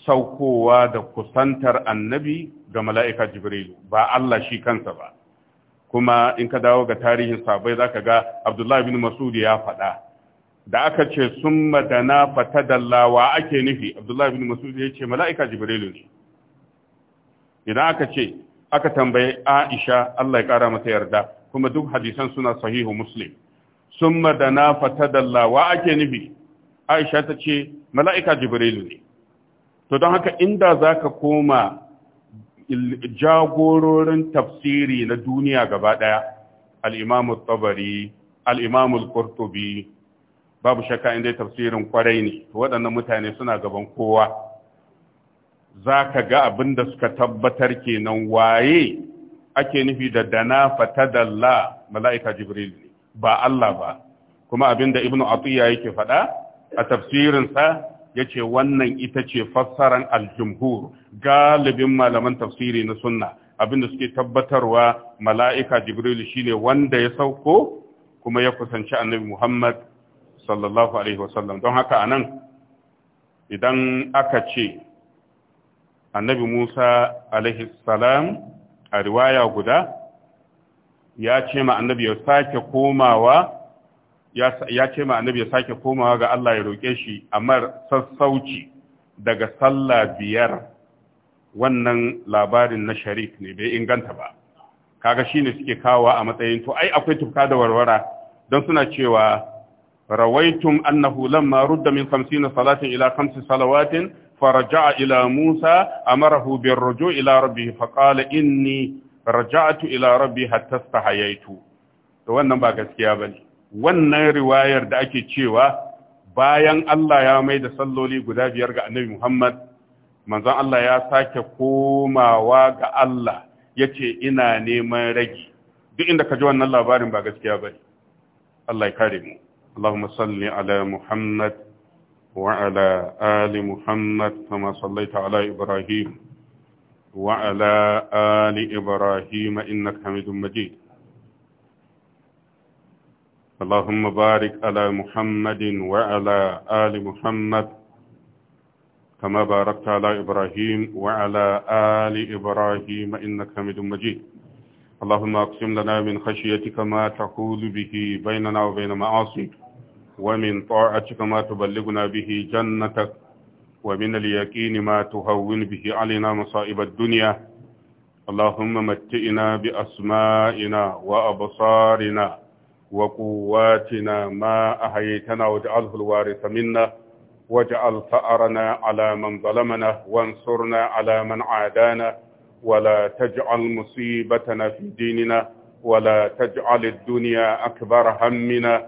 saukowa da kusantar annabi ga mala'ika Jibrilu ba Allah shi kansa ba kuma in ka dawo ga tarihin sabai ka ga Abdullahi bin Mas'ud ya faɗa da aka ce sun madana fata wa ake nufi abdullahi bin masud ya ce mala'ika jibrilu shi. idan aka ce aka tambaye aisha Allah ya ƙara masa yarda kuma duk hadisan suna sahihu muslim summa dana fatadalla wa ake nufi aisha ta ce mala'ika jibrilu ne to don haka inda za ka koma jagororin tafsiri na duniya gaba ɗaya, al tabari al-imamu babu shakka inda tafsirin kwarai ne waɗannan mutane suna gaban kowa za ka ga abin da suka tabbatar kenan waye ake nufi da dana fatadalla mala'ika jibril ne ba Allah ba kuma abinda Ibn atiya yake faɗa a tafsirinsa yace wannan ita ce fassaran aljumhur galibin malaman tafsiri na sunna abinda suke tabbatarwa mala'ika jibril shine wanda ya sauko kuma ya kusanci annabi muhammad sallallahu alaihi wasallam don haka anan idan aka ce annabi musa alaihi salam a riwaya guda ya ce ma annabi ya sake komawa ya ce ma annabi ya sake komawa ga Allah ya roƙe shi amma sassauci daga sallah biyar wannan labarin na sharif ne bai inganta ba kaga shine suke kawo a matsayin to ai akwai tufka da warwara don suna cewa rawaitum annahu lamma rudda min 50 salatin ila 5 salawatin فرجع إلى موسى أمره بالرجوع إلى ربه فقال إني رجعت إلى ربي حتى استحييت wannan ba gaskiya ba ne wannan riwayar da ake cewa bayan Allah ya mai da salloli guda biyar ga annabi Muhammad manzon Allah ya sake komawa ga Allah ya ce ina neman ragi duk inda ka ji wannan labarin ba gaskiya ba ne Allah ya kare mu Allahumma salli ala Muhammad وعلى آل محمد كما صليت على إبراهيم وعلى آل إبراهيم إنك حميد مجيد اللهم بارك على محمد وعلى آل محمد كما باركت على إبراهيم وعلى آل إبراهيم إنك حميد مجيد اللهم أقسم لنا من خشيتك ما تقول به بيننا وبين معاصيك ومن طاعتك ما تبلغنا به جنتك ومن اليقين ما تهون به علينا مصائب الدنيا اللهم متئنا بأسمائنا وأبصارنا وقواتنا ما أحييتنا واجعله الوارث منا واجعل ثأرنا على من ظلمنا وانصرنا على من عادانا ولا تجعل مصيبتنا في ديننا ولا تجعل الدنيا أكبر همنا